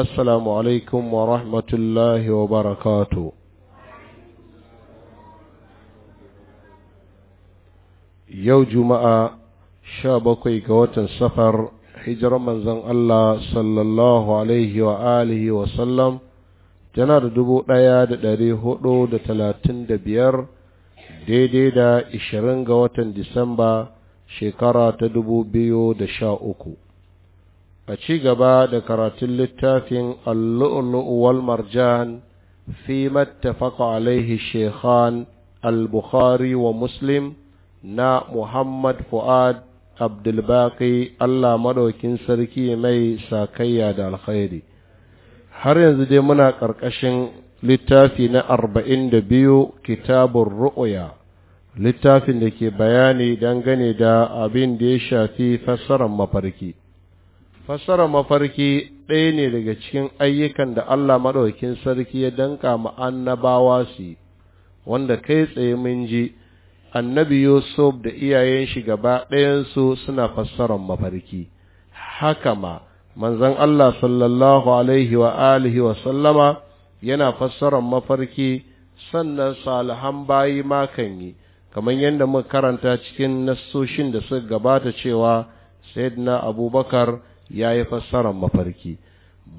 السلام عليكم ورحمة الله وبركاته yau juma'a sha bakwai ga watan safar hijirar manzon Allah sallallahu alaihi wa alihi wa sallam tana da dubu ɗaya da ɗari hudu da talatin da biyar daidai da ishirin ga watan disamba shekara ta dubu biyu da sha uku a ci gaba da karatun littafin allu'ulu'u wal marjan fi mattafaka alaihi shekhan al-bukhari wa muslim na muhammad fu'ad abdulbaki allah maɗaukin sarki mai sakayya da alkhairi har yanzu dai muna ƙarƙashin littafi na arba'in da biyu kitabun ru'uya littafin da ke bayani dangane da abin da ya shafi fassarar mafarki fassarar mafarki ɗaya ne daga cikin ayyukan da Allah maɗaukin sarki ya danka ma annabawa su wanda kai tsaye mun ji annabi Yusuf da iyayen shi gaba ɗayansu suna fassarar mafarki haka ma manzon Allah sallallahu alaihi wa alihi wa sallama yana fassarar mafarki sannan salihan bayi ma kan yi kamar yadda muka karanta cikin nasoshin da suka gabata cewa sayyidina abubakar ya yi fassarar mafarki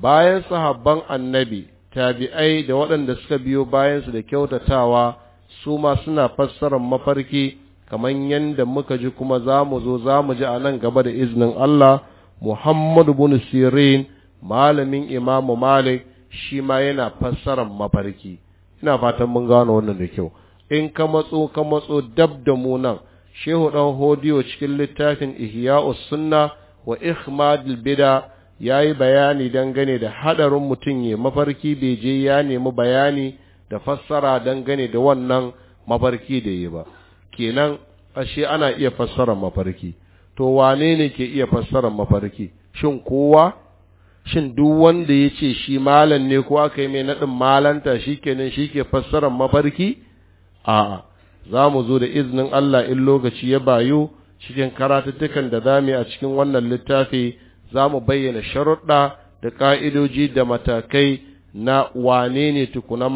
bayan sahabban annabi tabi'ai da waɗanda suka biyo bayansu da kyautatawa su ma suna fassarar mafarki kamar yadda muka ji kuma za mu zo za mu ji a nan gaba da izinin Allah Muhammadu bin Sirin malamin Imamu Malik shi ma yana fassarar mafarki ina fatan mun gano wannan da kyau in ka matso ka matso dab da mu nan shehu dan hodiyo cikin littafin Ihya'us Sunnah wa ikhmadul bid'a yayi bayani dangane da hadarin mutum ya mafarki bai je ya nemi bayani da fassara dangane da wannan mafarki da yi ba kenan ashe ana iya fassara mafarki to wane ne ke iya fassara mafarki shin kowa shin duk wanda ya ce shi malam ne ko aka yi mai naɗin malanta shi kenan shi ke fassarar mafarki a'a za mu zo da iznin Allah in lokaci ya bayu cikin karatuttukan da za mu yi a cikin wannan littafi za mu bayyana sharuɗa da ƙa'idoji da matakai na wane ne tukuna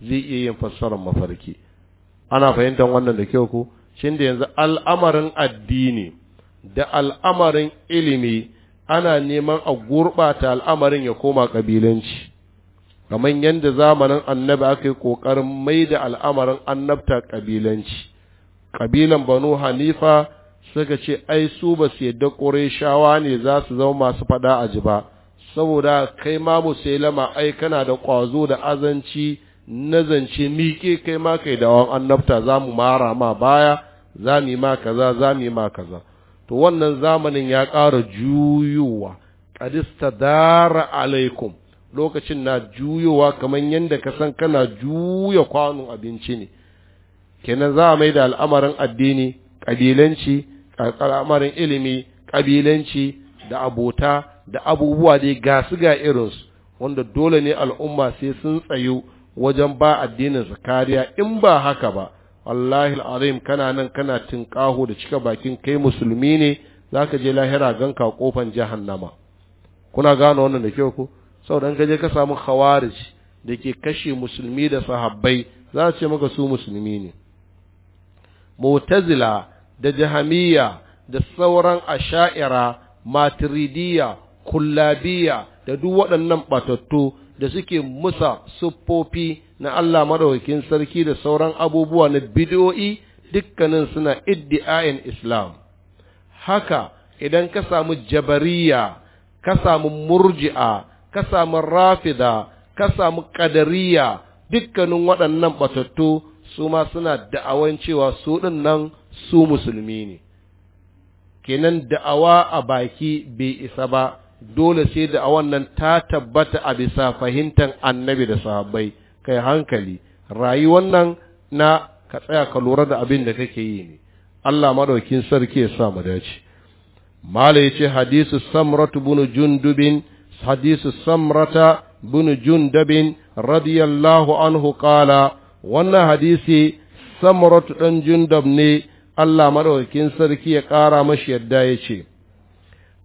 zai iya yin fassarar mafarki ana fahimtar wannan da kyau ku shin da yanzu al'amarin addini da al'amarin ilimi ana neman a gurɓata al'amarin ya koma ƙabilanci kamar yadda zamanin annabi aka yi ƙoƙarin mai da al'amarin annabta ƙabilanci ƙabilan banu hanifa suka ce ai su ba su yadda shawa ne za su zama masu faɗa a ji ba saboda kai ma musailama ai kana da ƙwazo da azanci na zance miƙe kai ma kai dawon annabta za mu mara ma baya za mu yi ma kaza za mu yi ma kaza to wannan zamanin ya ƙara juyowa ƙadista dara alaikum lokacin na juyowa kamar yadda ka san kana juya kwanon abinci ne kenan za a mai da al'amarin addini ƙabilanci al'amarin ilimi kabilanci da abota da abubuwa dai ga su ga irinsu wanda dole ne al'umma sai sun tsayu wajen ba addinin su kariya in ba haka ba wallahi al'azim kana nan kana tinkaho da cika bakin kai musulmi ne zaka je lahira ganka kofan jahannama kuna gane wannan da kyau ko saboda ka je ka samu khawarij da ke kashe musulmi da sahabbai za su ce maka su musulmi ne mu'tazila da jahamiya da sauran asha'ira matiridiya kullabiya da duk waɗannan batattu da suke musa siffofi na Allah maɗaukin sarki da sauran abubuwa na bid'o'i dukkanin suna iddi'ayin Islam haka idan ka samu jabariya ka samu murji'a ka samu rafida ka samu ƙadariya dukkanin waɗannan batattu su ma suna da'awan cewa su ɗin nan su musulmi ne kenan da'awa a baki bai isa ba dole sai da'awan nan ta tabbata a bisa fahimtar annabi da sahabbai kai hankali rayuwar nan na ka tsaya ka lura da abin da kake yi ne Allah madaukin sarki ya sa mu dace mala yace hadisu samratu bunu jundubin hadisu samrata bunu jundubin radiyallahu anhu qala wannan hadisi samratu dan jundub ne Allah madaukakin sarki ya ƙara mashi yadda ya ce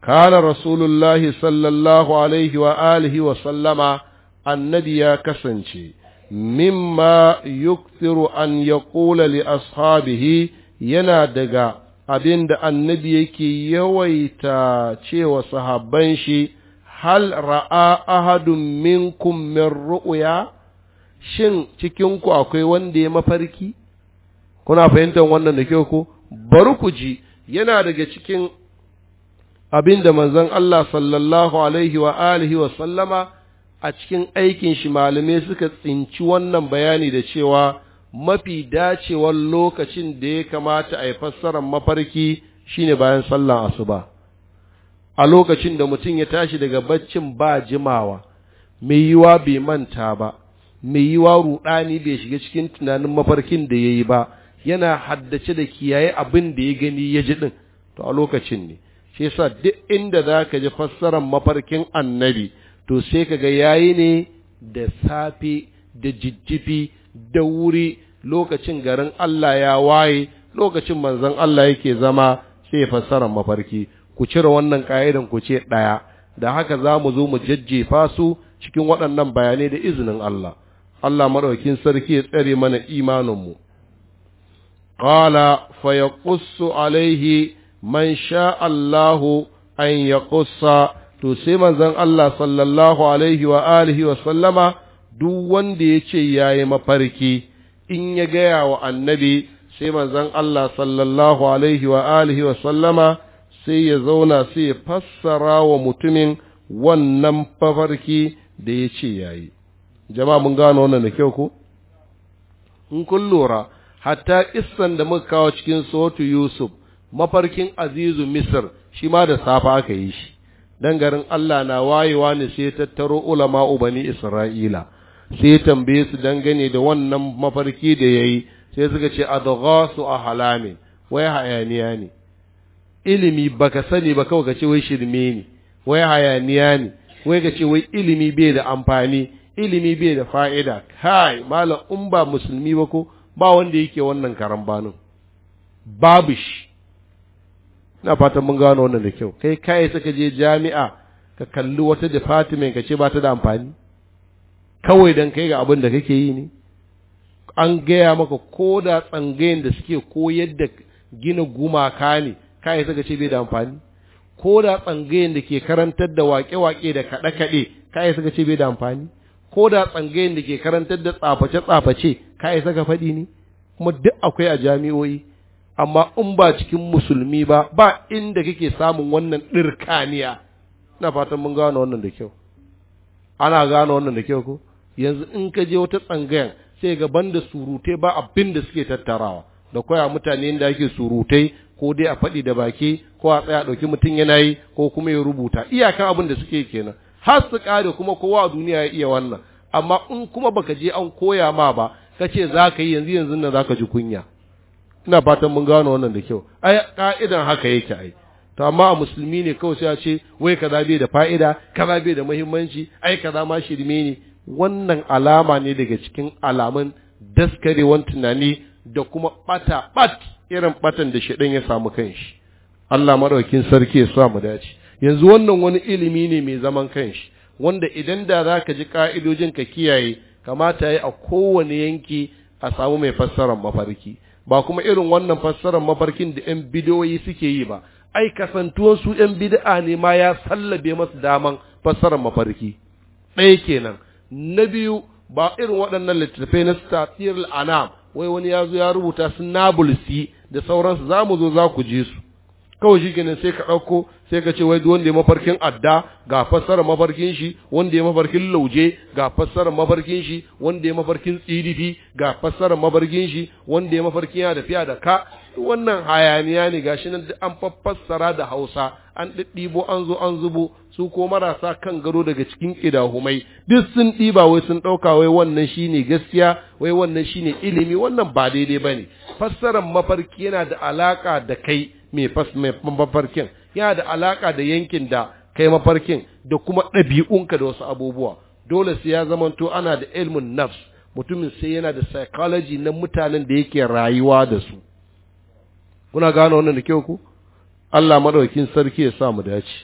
kana rasulullahi sallallahu alaihi wa alihi wa sallama annabi ya kasance mimma yuktiru an yaqula li ashabihi yana daga abin da annabi yake yawaita cewa sahabban shi hal ra'a ahadun minkum min ru'ya shin cikinku akwai wanda ya mafarki kuna fahimtar wannan da ke ku, bari ku ji yana daga cikin abin da manzon Allah sallallahu alaihi wa alihi wa sallama a cikin aikin shi malamai suka tsinci wannan bayani da cewa mafi dacewar lokacin da ya kamata a yi fassarar mafarki shine bayan sallan asuba a lokacin da mutum ya tashi daga baccin ba jimawa mai yiwa bai manta ba mai yiwa ruɗani bai shiga cikin tunanin mafarkin da ya yi ba yana haddace da kiyaye abin da ya gani ya ji din to a lokacin ne shi yasa duk inda za ka ji fassarar mafarkin annabi to sai ka ga yayi ne da safe da jijjifi da wuri lokacin garin Allah ya waye lokacin manzon Allah yake zama sai fassarar mafarki ku cire wannan ka'idan ku ce ɗaya da haka za mu zo mu jajjefa su cikin waɗannan bayanai da izinin Allah Allah maɗaukin sarki ya tsare mana imaninmu قال فيقص عليه من شاء الله أن يقص تسمى زن الله صلى الله عليه وآله وسلم duk wanda ya ce ya yi mafarki in ya gaya wa annabi sai manzon Allah sallallahu alaihi wa alihi wa sallama sai ya zauna sai ya fassara wa mutumin wannan mafarki da ya ce ya yi jama'a mun gano wannan da kyau ko in kun hatta kissan da muka kawo cikin sotu yusuf mafarkin azizu misir shi ma da safa aka yi shi dan garin allah na wayewa ne sai tattaro ulama ubani isra'ila sai tambaye su dangane da wannan mafarki da ya yi sai suka ce adghasu halame. wai hayaniya ne ilimi baka sani ba kawai ka ce wai shirme ne wai hayaniya ne wai ka ce wai ilimi bai da amfani ilimi bai da fa'ida kai malam in ba musulmi ba ko ba wanda yake wannan karambanin babu shi ina fatan mun gano wannan da kyau kai kai ka je jami'a ka kalli wata department ka ce ba ta da amfani kawai dan kai ga abin da kake yi ne an gaya maka ko da tsangayin da suke ko yadda gina gumaka ne kai ka ce bai da amfani ko da tsangayin da ke karantar da waƙe-waƙe da kaɗe-kaɗe kai ka ce bai da amfani ko da tsangayin da ke karantar da tsaface-tsaface ka isa ka faɗi ne kuma duk akwai a jami'o'i amma in ba cikin musulmi ba ba inda kake samun wannan ɗirkaniya na fatan mun gano wannan da kyau ana gano wannan da kyau ko yanzu in ka je wata tsangayan sai ga da surutai ba abin da suke tattarawa da koya mutane inda ake surutai ko dai a faɗi da baki ko a tsaya ɗauki mutum yana yi ko kuma ya rubuta iyakan abin da suke kenan har su kare kuma kowa a duniya ya iya wannan amma in kuma baka je an koya ma ba ka ce za ka yi yanzu yanzu na za ka ji kunya ina fatan mun gano wannan da kyau ai ka'idan haka yake ai to amma a musulmi ne kawai sai a ce wai kaza bai da fa'ida kaza bai da muhimmanci ai kaza ma shirme ne wannan alama ne daga cikin alamun daskarewan tunani da kuma bata bat irin batan da shaɗan ya samu kanshi Allah maɗaukin sarki ya sa mu dace yanzu wannan wani ilimi ne mai zaman kanshi wanda idan da za ka ji ka'idojin ka kiyaye kamata ya a kowane yanki a samu mai fassarar mafarki ba kuma irin wannan fassarar mafarkin da 'yan bidiyoyi suke yi ba ai kasantuwar su 'yan bid'a ne ma ya sallabe masu daman fassarar mafarki ɗaya kenan na biyu ba irin waɗannan littattafai na statir al'anam wai wani ya zo ya rubuta su da sauransu za mu zo za ku je su kawai shi kenan sai ka ɗauko sai ka ce wai wanda ya mafarkin adda ga fassara mafarkin shi wanda ya mafarkin lauje ga fassara mafarkin shi wanda ya mafarkin tsidifi ga fassara mafarkin shi wanda ya mafarkin ya da fiya da ka wannan hayaniya ne gashi nan duk an fassara da hausa an ɗiɗɗibo an zo an zubo su ko marasa kan gado daga cikin ƙidahumai duk sun ɗiba wai sun ɗauka wai wannan shine gaskiya wai wannan shine ilimi wannan ba daidai ba ne fassarar mafarki yana da alaƙa da kai mai fas, mai mafarkin yana da alaka da yankin da kai mafarkin da kuma ɗabi'unka da wasu abubuwa dole sai ya zamanto ana da ilmin nafs mutumin sai yana da psychology na mutanen da yake rayuwa da su kuna gane wannan da kyau ku Allah madaukakin sarki ya sa mu dace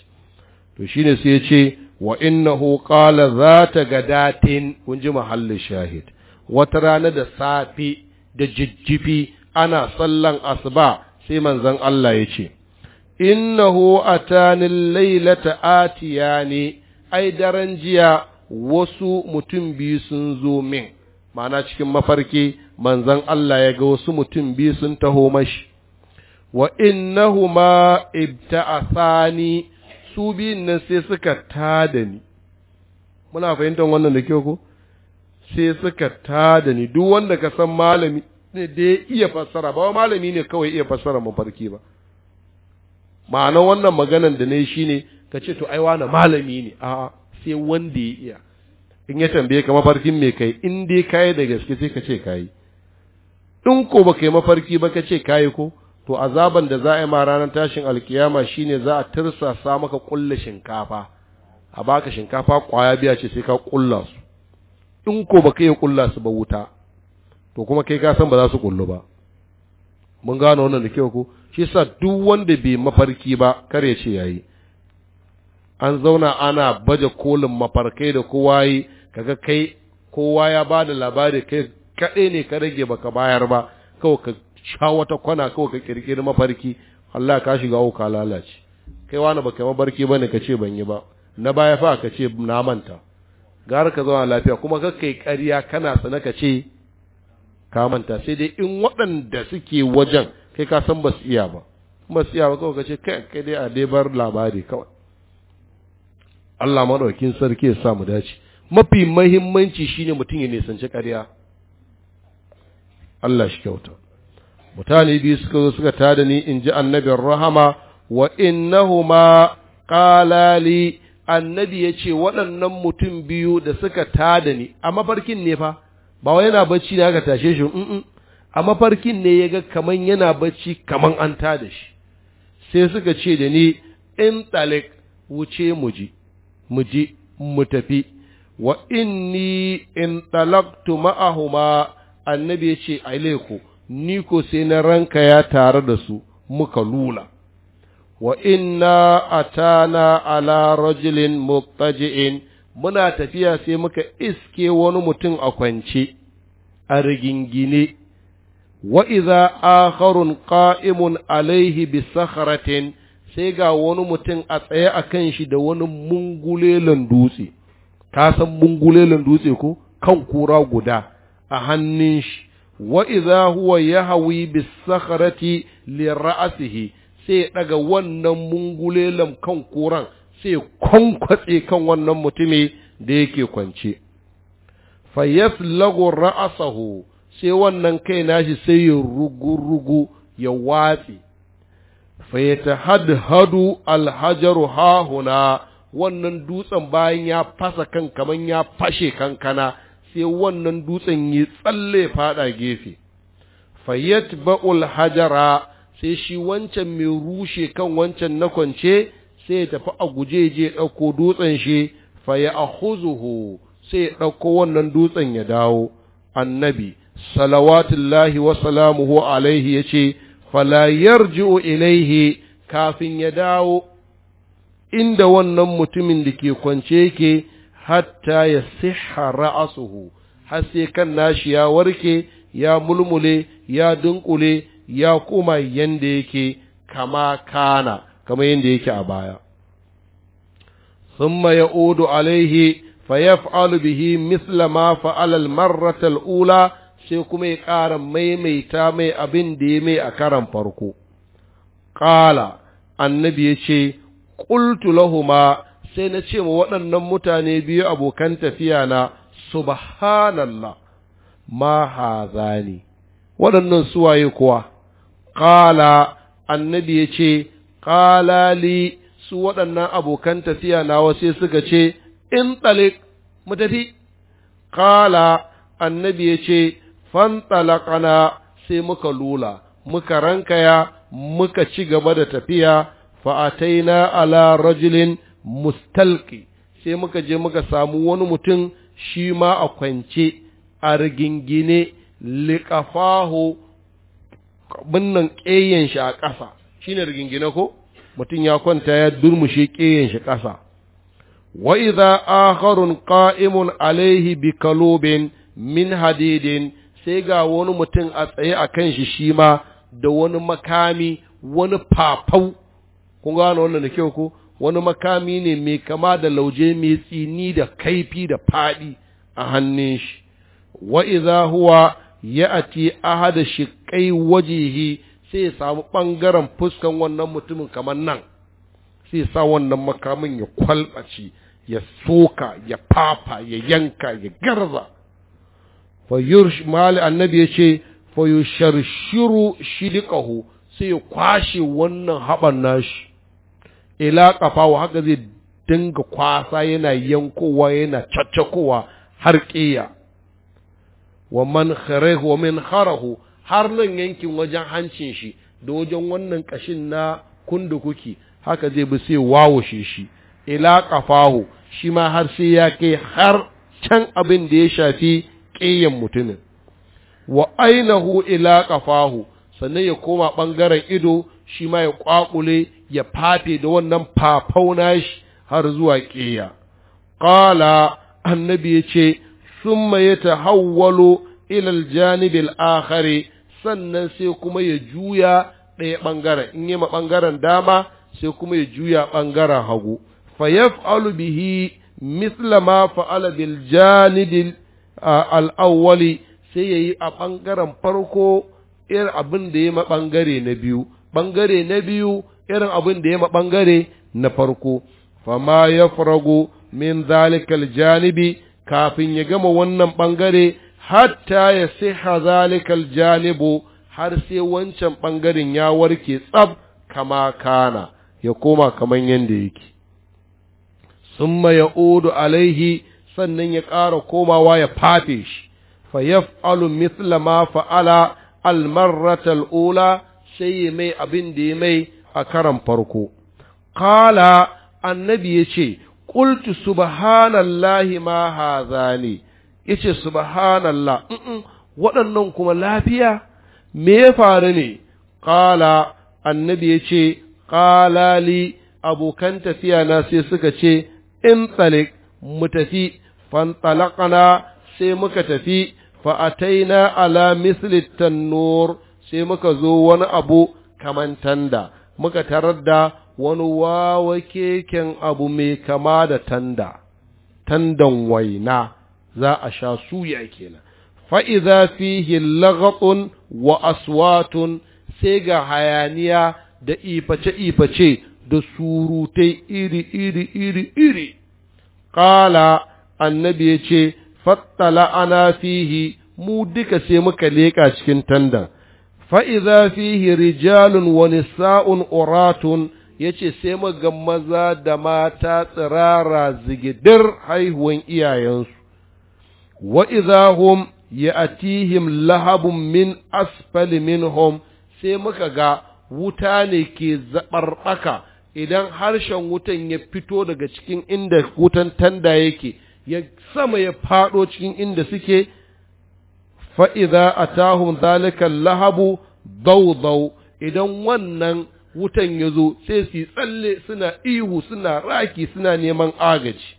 to shine sai ya ce wa innahu qala zata gadatin kun ji muhallin shahid wata rana da safi da jijjifi ana sallan asuba sai manzon Allah ya ce innahu atanil lailata ne, ai daren jiya wasu mutum biyu sun zo min mana cikin mafarki manzon Allah ya ga wasu mutum biyu sun taho mashi wa innahuma ibta'athani su biyun nan sai suka tada ni muna fahimtar wannan da kyau ko sai suka tada ni duk wanda ka san malami ne da ya iya fassara ba malami ne kawai iya fassara mafarki ba ma'ana wannan maganan da ne ka ce to ai wani malami ne a sai wanda ya iya in ya tambaye ka mafarkin me kai in dai kayi da gaske sai ka ce kayi in ko baka yi mafarki ba ka ce kayi ko to azaban da za a yi ma ranar tashin alkiyama shine za a tirsasa maka kulla shinkafa a baka shinkafa kwaya biya ce sai ka kulla su in ko baka yi kulla su ba wuta to kuma kai ka san ba za su kullu ba mun gano wannan da kyau ko shi sa duk wanda bai mafarki ba kar ya ce yayi an zauna ana baje kolin mafarkai da kowa yi kaga kai kowa ya ba da labari kai kaɗai ne ka rage baka bayar ba kawai ka sha wata kwana kawai ka kirkiri mafarki Allah ka shiga uka lalace kai wani baka mafarki bane ka ce ban yi ba na baya fa ka ce na manta gara ka zauna lafiya kuma kai ƙarya kana sana ka ce ka manta sai dai in waɗanda suke wajen kai ka san ba su iya ba ba su iya ba kawai ka kai kai dai a dai bar labari kawai Allah maɗaukin sarki ya sa mu dace mafi mahimmanci shine mutum ya nisanci ƙarya Allah shi kyauta mutane biyu suka zo suka tada ni in ji annabin rahama wa innahuma qalali annabi ya ce waɗannan mutum biyu da suka tada ni a mafarkin ne fa ba wai yana bacci da aka tashe shi mm a mafarkin ne ya ga kaman yana bacci kaman an ta da shi sai suka ce da ni in talik wuce mu ji mu ji mu tafi wa inni in talaktu ma'ahuma annabi ya ce aileku ni ko sai na ranka ya tare da su muka lula wa inna atana ala rajulin muqtaji'in muna tafiya sai muka iske wani mutum a kwance a rigingine wa iza akharun qa'imun alaihi bi sai ga wani mutum a tsaye a kan shi da wani mungulelan dutse ka san mungulelan dutse ko kan kura guda a hannun shi wa iza huwa yahwi bi sakharati li ra'sihi sai daga wannan mungulelan kan kuran sai kwankwatse kan wannan mutumi da yake kwance lagun ra'asahu sai wannan kai nashi sai ya rugu-rugu ya Fayyata hadhadu alhajaru hahuna wannan dutsen bayan ya fasa kan kaman ya fashe kankana sai wannan dutsen ya tsalle faɗa gefe ba'ul hajara sai shi wancan mai rushe kan wancan na kwance sai ya tafi a guje je ɗauko dutsen shi fa ya akhuzuhu sai ya ɗauko wannan dutsen ya dawo annabi salawatullahi wa salamuhu alaihi ya ce fala yarji'u ilaihi kafin ya dawo inda wannan mutumin da ke kwance yake hatta ya siha ra'asuhu har sai kan nashi ya warke ya mulmule ya dunkule ya kuma yanda yake kama kana kamar yadda yake a baya thumma ya'udu alaihi fayaf'alu bihi misla ma fa'ala al-marrata al-ula sai kuma ya ƙara maimaita mai abin da ya mai a karan farko qala annabi yace qultu lahumma sai na ce ma waɗannan mutane biyu abokan tafiya na subhanallah ma hazani waɗannan suwaye kuwa qala annabi yace qala su waɗannan abokan tafiya nawa sai suka ce in talik mu tafi qala annabi ya ce fantalaqana sai muka lula muka rankaya muka ci gaba da tafiya Fa ataina ala rajulin mustalqi sai muka je muka samu wani mutum shi ma a kwance a rigingine liƙafaho binnan ƙeyen shi a ƙasa shine rigingine ko mutum ya kwanta ya durmushe ƙeyen shi ƙasa wa a akharun qa'imun alaihi bi kalubin min hadidin sai ga wani mutum a tsaye a kan shi shi ma da wani makami wani fafau kun gano wannan da kyau ko wani makami ne mai kama da lauje mai tsini da kaifi da faɗi a hannun shi wa iza huwa ya ati ahada kai wajihi sai ya samu ɓangaren fuskan wannan mutumin kamar nan sai sa wannan makamin ya kwalbace ya soka ya fafa ya yanka ya garza fayursh mali annabi ya ce fayusharshiru shiliqahu sai ya kwashe wannan haɓar nashi ila haka zai dinga kwasa yana yankowa yana caccakowa har ƙiya wa man kharahu wa man kharahu har nan yankin wajen hancin shi da wajen wannan ƙashin na kuki haka zai bi sai wawashe shi ila kafahu shi ma har sai ya kai har can abin da ya shafi ƙeyan mutumin wa ainahu ila kafahu sannan ya koma ɓangaren ido shi ma ya ƙwaƙule ya fafe da wannan fafauna shi har zuwa ƙeya ƙala annabi ya ce summa ya tahawwalo ilal janibil akhari sannan sai kuma ya juya ɗaya ɓangaren in yi ma ɓangaren dama sai kuma ya juya ɓangaren hagu fa yaf'alu bihi misla ma fa'ala bil janibil al'awwali sai ya yi a ɓangaren farko irin abin da ya ma ɓangare na biyu ɓangare na biyu irin abin da ya ma ɓangare na farko fa ma ya farago min zalikal janibi kafin ya gama wannan ɓangare hatta ya siha zalikal janibu har sai wancan ɓangaren ya warke tsab kama kana ya koma kaman yadda yake summa ya odu alaihi sannan ya ƙara komawa ya fafe shi fa yaf'alu mithla ma fa'ala almarratal ula sai ya mai abin da ya mai a karan farko qala annabi yace qultu subhanallahi ma hazani yace subhanallah waɗannan kuma lafiya me ya faru ne ƙala annabi yace ƙalali li abokan tafiya na sai suka ce in tsalik mu tafi fantalaqana sai muka tafi fa ataina ala misli tannur sai muka zo wani abu kaman tanda muka tarar da wani wawa keken abu mai kama da tanda tandan waina za a sha suya kenan fa'iza fihi lagaɓun wa aswatun sai ga hayaniya da iface-iface da surutai iri-iri-iri-iri. Ƙala annabi ya ce, Fattala ana fihi mu duka sai muka leƙa cikin tanda. Fa'iza fihi rijalun wani sa'un oratun ya ce sai maga maza da mata tsirara zigidir haihuwan iyayensu. Wa'izahum ya atihim lahabun min asfali minhum sai muka ga wuta ne ke zabarbaka idan harshen wutan ya fito daga cikin inda wutan tanda yake ya sama ya faɗo cikin inda suke Fa'iza a tahun zalika lahabu zau-zau idan wannan wutan ya zo sai su tsalle suna ihu suna raki suna neman agaji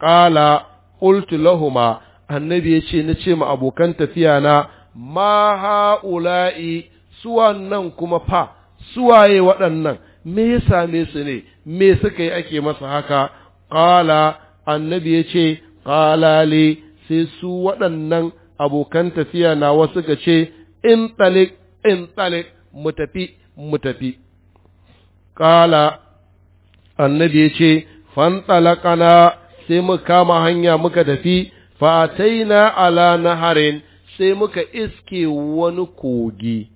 ƙala ƙultu lahuma annabi ya ce na ce ma abokan tafiya na ma ha'ula'i suwan kuma fa suwaye waɗannan me ya same su ne me suka yi ake masa haka ƙala annabi ya ce ƙalale sai su waɗannan abokan tafiya na wasu ga ce in tsalik in mu tafi mu tafi ƙala annabi ya ce fantsalakana sai mu kama hanya muka tafi fataina ala naharin sai muka iske wani kogi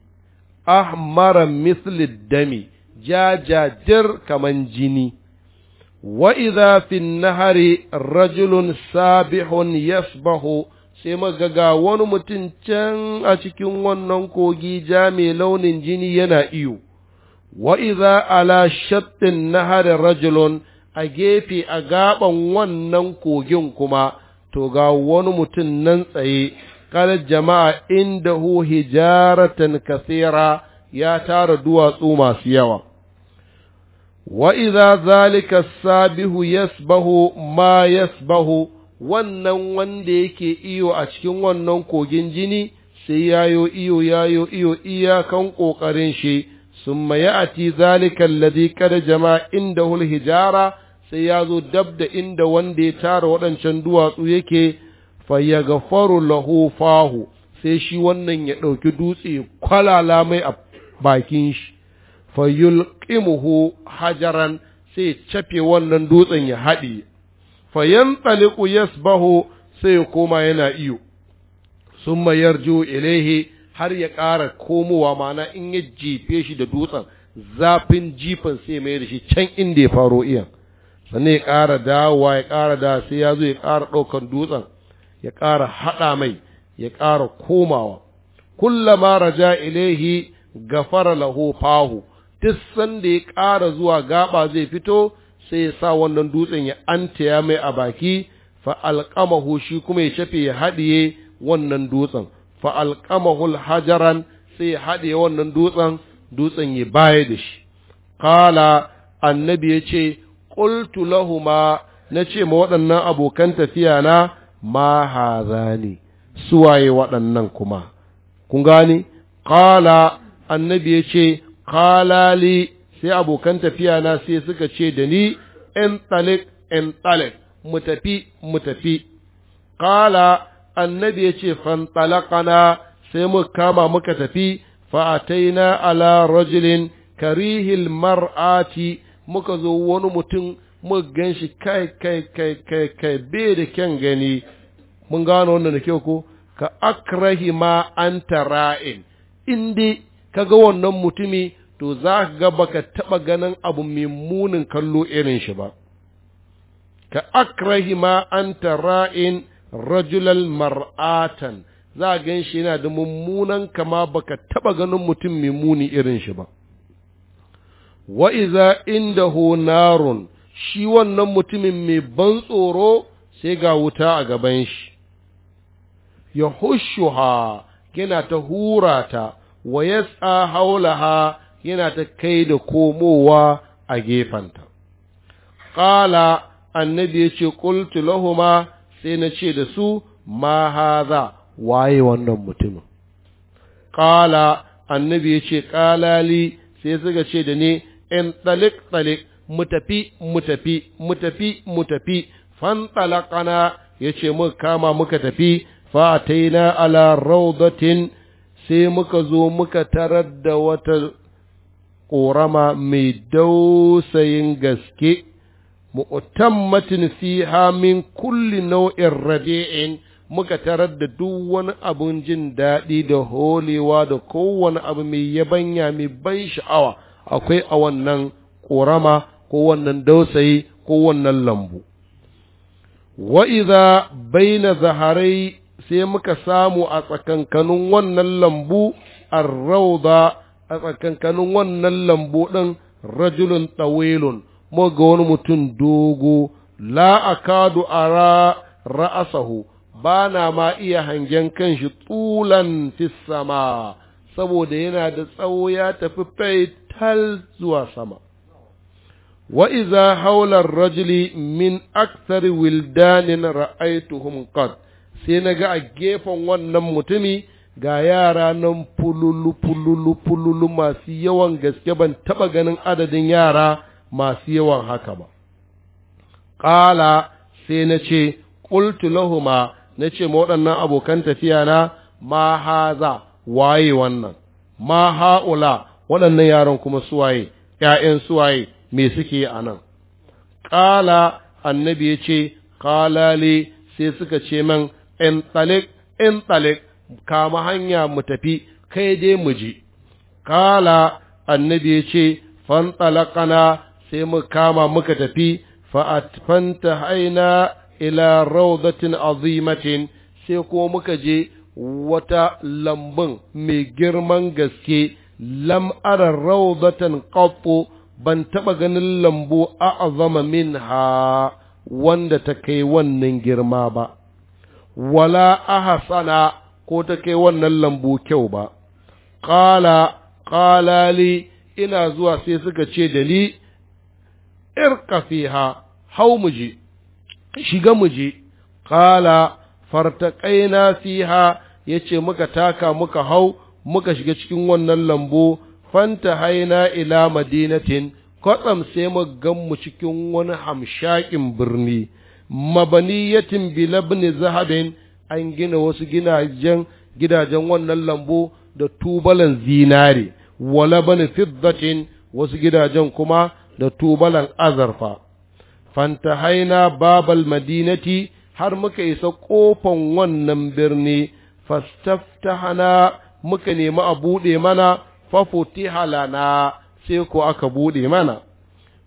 ahmara misli dami jajajir kaman jini wa idha fin nahari rajulun sabihun yasbahu sai muka ga wani mutum can a cikin wannan kogi ja mai launin jini yana iyo wa idha ala shattin nahari rajulun a gefe a gaban wannan kogin kuma to ga wani mutum nan tsaye kada jama'a inda hu hijaratan ya tara duwatsu masu yawa wa idza zalika sabihu yasbahu ma yasbahu wannan wanda yake iyo a cikin wannan kogin jini sai yayo iyo yayo iyo iyakan ƙoƙarin shi summa ya'ti zalika alladhi kada jama'a hul hijara sai ya zo dab da inda wanda ya tara waɗancan duwatsu yake fayyagafaru lahu fahu sai shi wannan ya ɗauki dutse kwalala mai a bakin shi fayyulqimuhu hajaran sai ya cafe wannan dutsen ya haɗe fayyantaliku yasbahu sai ya koma yana iyo Sun summa yarju ilaihi har ya ƙara komowa mana in ya jefe shi da dutsen zafin jifan sai mai da shi can inda ya faro iyan sannan ya ƙara dawowa ya ƙara da sai ya zo ya ƙara ɗaukan dutsen ya ƙara haɗa mai ya ƙara komawa kullama raja ilaihi gafara lahu fahu duk sanda ya ƙara zuwa gaba zai fito sai ya sa wannan dutsen ya antaya mai a baki fa alqamahu shi kuma ya shafe ya haɗiye wannan dutsen fa alqamahu hajaran sai ya haɗiye wannan dutsen dutsen ya baya da shi qala annabi ya ce qultu lahuma nace ma waɗannan abokan tafiya na ma hazani suwaye waɗannan kuma kun gane qala annabi yace qala li sai abokan tafiya na sai suka ce da ni in talik in talik mu tafi mu tafi qala annabi yace fantalaqana sai mu kama muka tafi fa ataina ala rajulin karihil mar'ati muka zo wani mutum muka gan shi kai kai kai kai kai bai da kyan gani mun gano wannan da kyau ko ka akrahi ma an ra'in in ka ga wannan mutumi to za ka ga baka taba ganin abu mai munin kallo irin shi ba ka akrahi ma an ra'in rajulal mar'atan za gan shi yana da mummunan kama baka taba ganin mutum mai muni irin shi ba wa iza indahu narun shi wannan mutumin mai ban tsoro sai ga wuta a gaban shi ya hushuha yana ta hura ta wa yasa haulaha yana ta kai da komowa a gefanta. Ƙala annabi yace qultu lahuma sai na ce da su ma haza waye wannan mutumin Ƙala annabi yace ƙalali sai suka ce da ni in talik talik mu tafi mu tafi mu tafi mu tafi fan ya yace muka kama muka tafi fa ataina ala raudatin sai muka zo muka tarar da wata ƙorama mai dausayin gaske mu'tammatin fiha min kulli nau'in rabi'in muka tarar da duk wani abun jin daɗi da holewa da kowane abu mai yabanya mai ban sha'awa akwai a wannan ƙorama ko wannan dausayi ko wannan lambu waiza baina zaharai sai muka samu a tsakankanin wannan lambu arrauda a tsakankanin wannan lambu ɗin rajulun ɗawilun ga wani mutum dogo la akadu ara ra'asahu ba na ma iya hangen kanshi tulan fi sama saboda yana da tsawo ya tafi fait hal zuwa sama wa iza haular rajuli min aksari wildanin ra'aituhum qad sai na ga a gefen wannan mutumi ga yara nan fululu fululu fululu masu yawan gaske ban taba ganin adadin yara masu yawan haka ba ƙala sai na ce ƙultu lahuma na ce waɗannan abokan tafiya na ma haza waye wannan ma ha'ula waɗannan yaran kuma suwaye ’ya'yan suwaye me suke a nan ƙala annabi ya ce ƙalale sai suka ce man in talik kama hanya mu tafi kai dai mu ji ƙala annabi ya ce fantalakana sai mu kama muka tafi fa'atfanta haina ila rawdatin azimatin sai ko muka je wata lambun mai girman gaske lam ara rawdatan qattu ban taba ganin lambu a'zama minha wanda ta kai wannan girma ba wala ahsana ko ta kai wannan lambu kyau ba qala qala li ina zuwa sai suka ce da ni irka fiha hau muje shiga muje qala fartaqaina fiha yace muka taka muka hau muka shiga cikin wannan lambu fanta haina ila madinatin kwatsam sai mu mu cikin wani hamshakin birni mabaniyatin bilabni zahabin an gina wasu gidajen gidajen wannan lambu da tubalan zinare wala bani fiddatin wasu gidajen kuma da tubalan azarfa Haina, babal madinati har muka isa kofan wannan birni fastaftahana muka nemi a buɗe mana fafutiha halana sai ko aka buɗe mana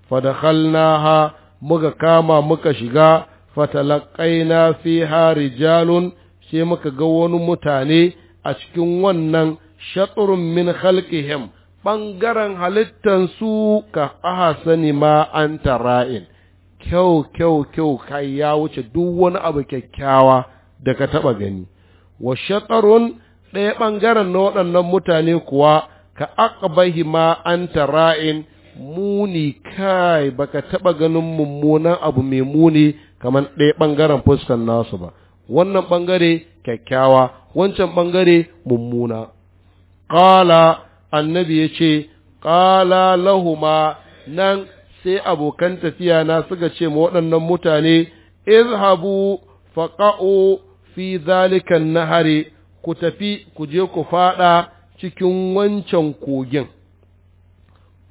fadakhalnaha muka kama muka shiga fatalaqaina fiha rijalun sai muka ga wani mutane a cikin wannan shatrun min khalqihim ɓangaren halittansu ka ahasani ma an tara'in kyau kyau kyau kai ya wuce duk wani abu kyakkyawa da ka taɓa gani wa shatarun ɗaya ɓangaren na waɗannan mutane kuwa ka aqbahi ma ta ra'in muni kai baka taɓa ganin mummunan abu mai muni kamar ɗaya ɓangaren fuskan nasu ba wannan ɓangare kyakkyawa wancan ɓangare mummuna ƙala annabi ya ce ƙala lahuma nan sai abokan tafiya na suka ce ma waɗannan mutane izhabu faqa'u fi zalikan nahari ku tafi ku je ku faɗa cikin wancan kogin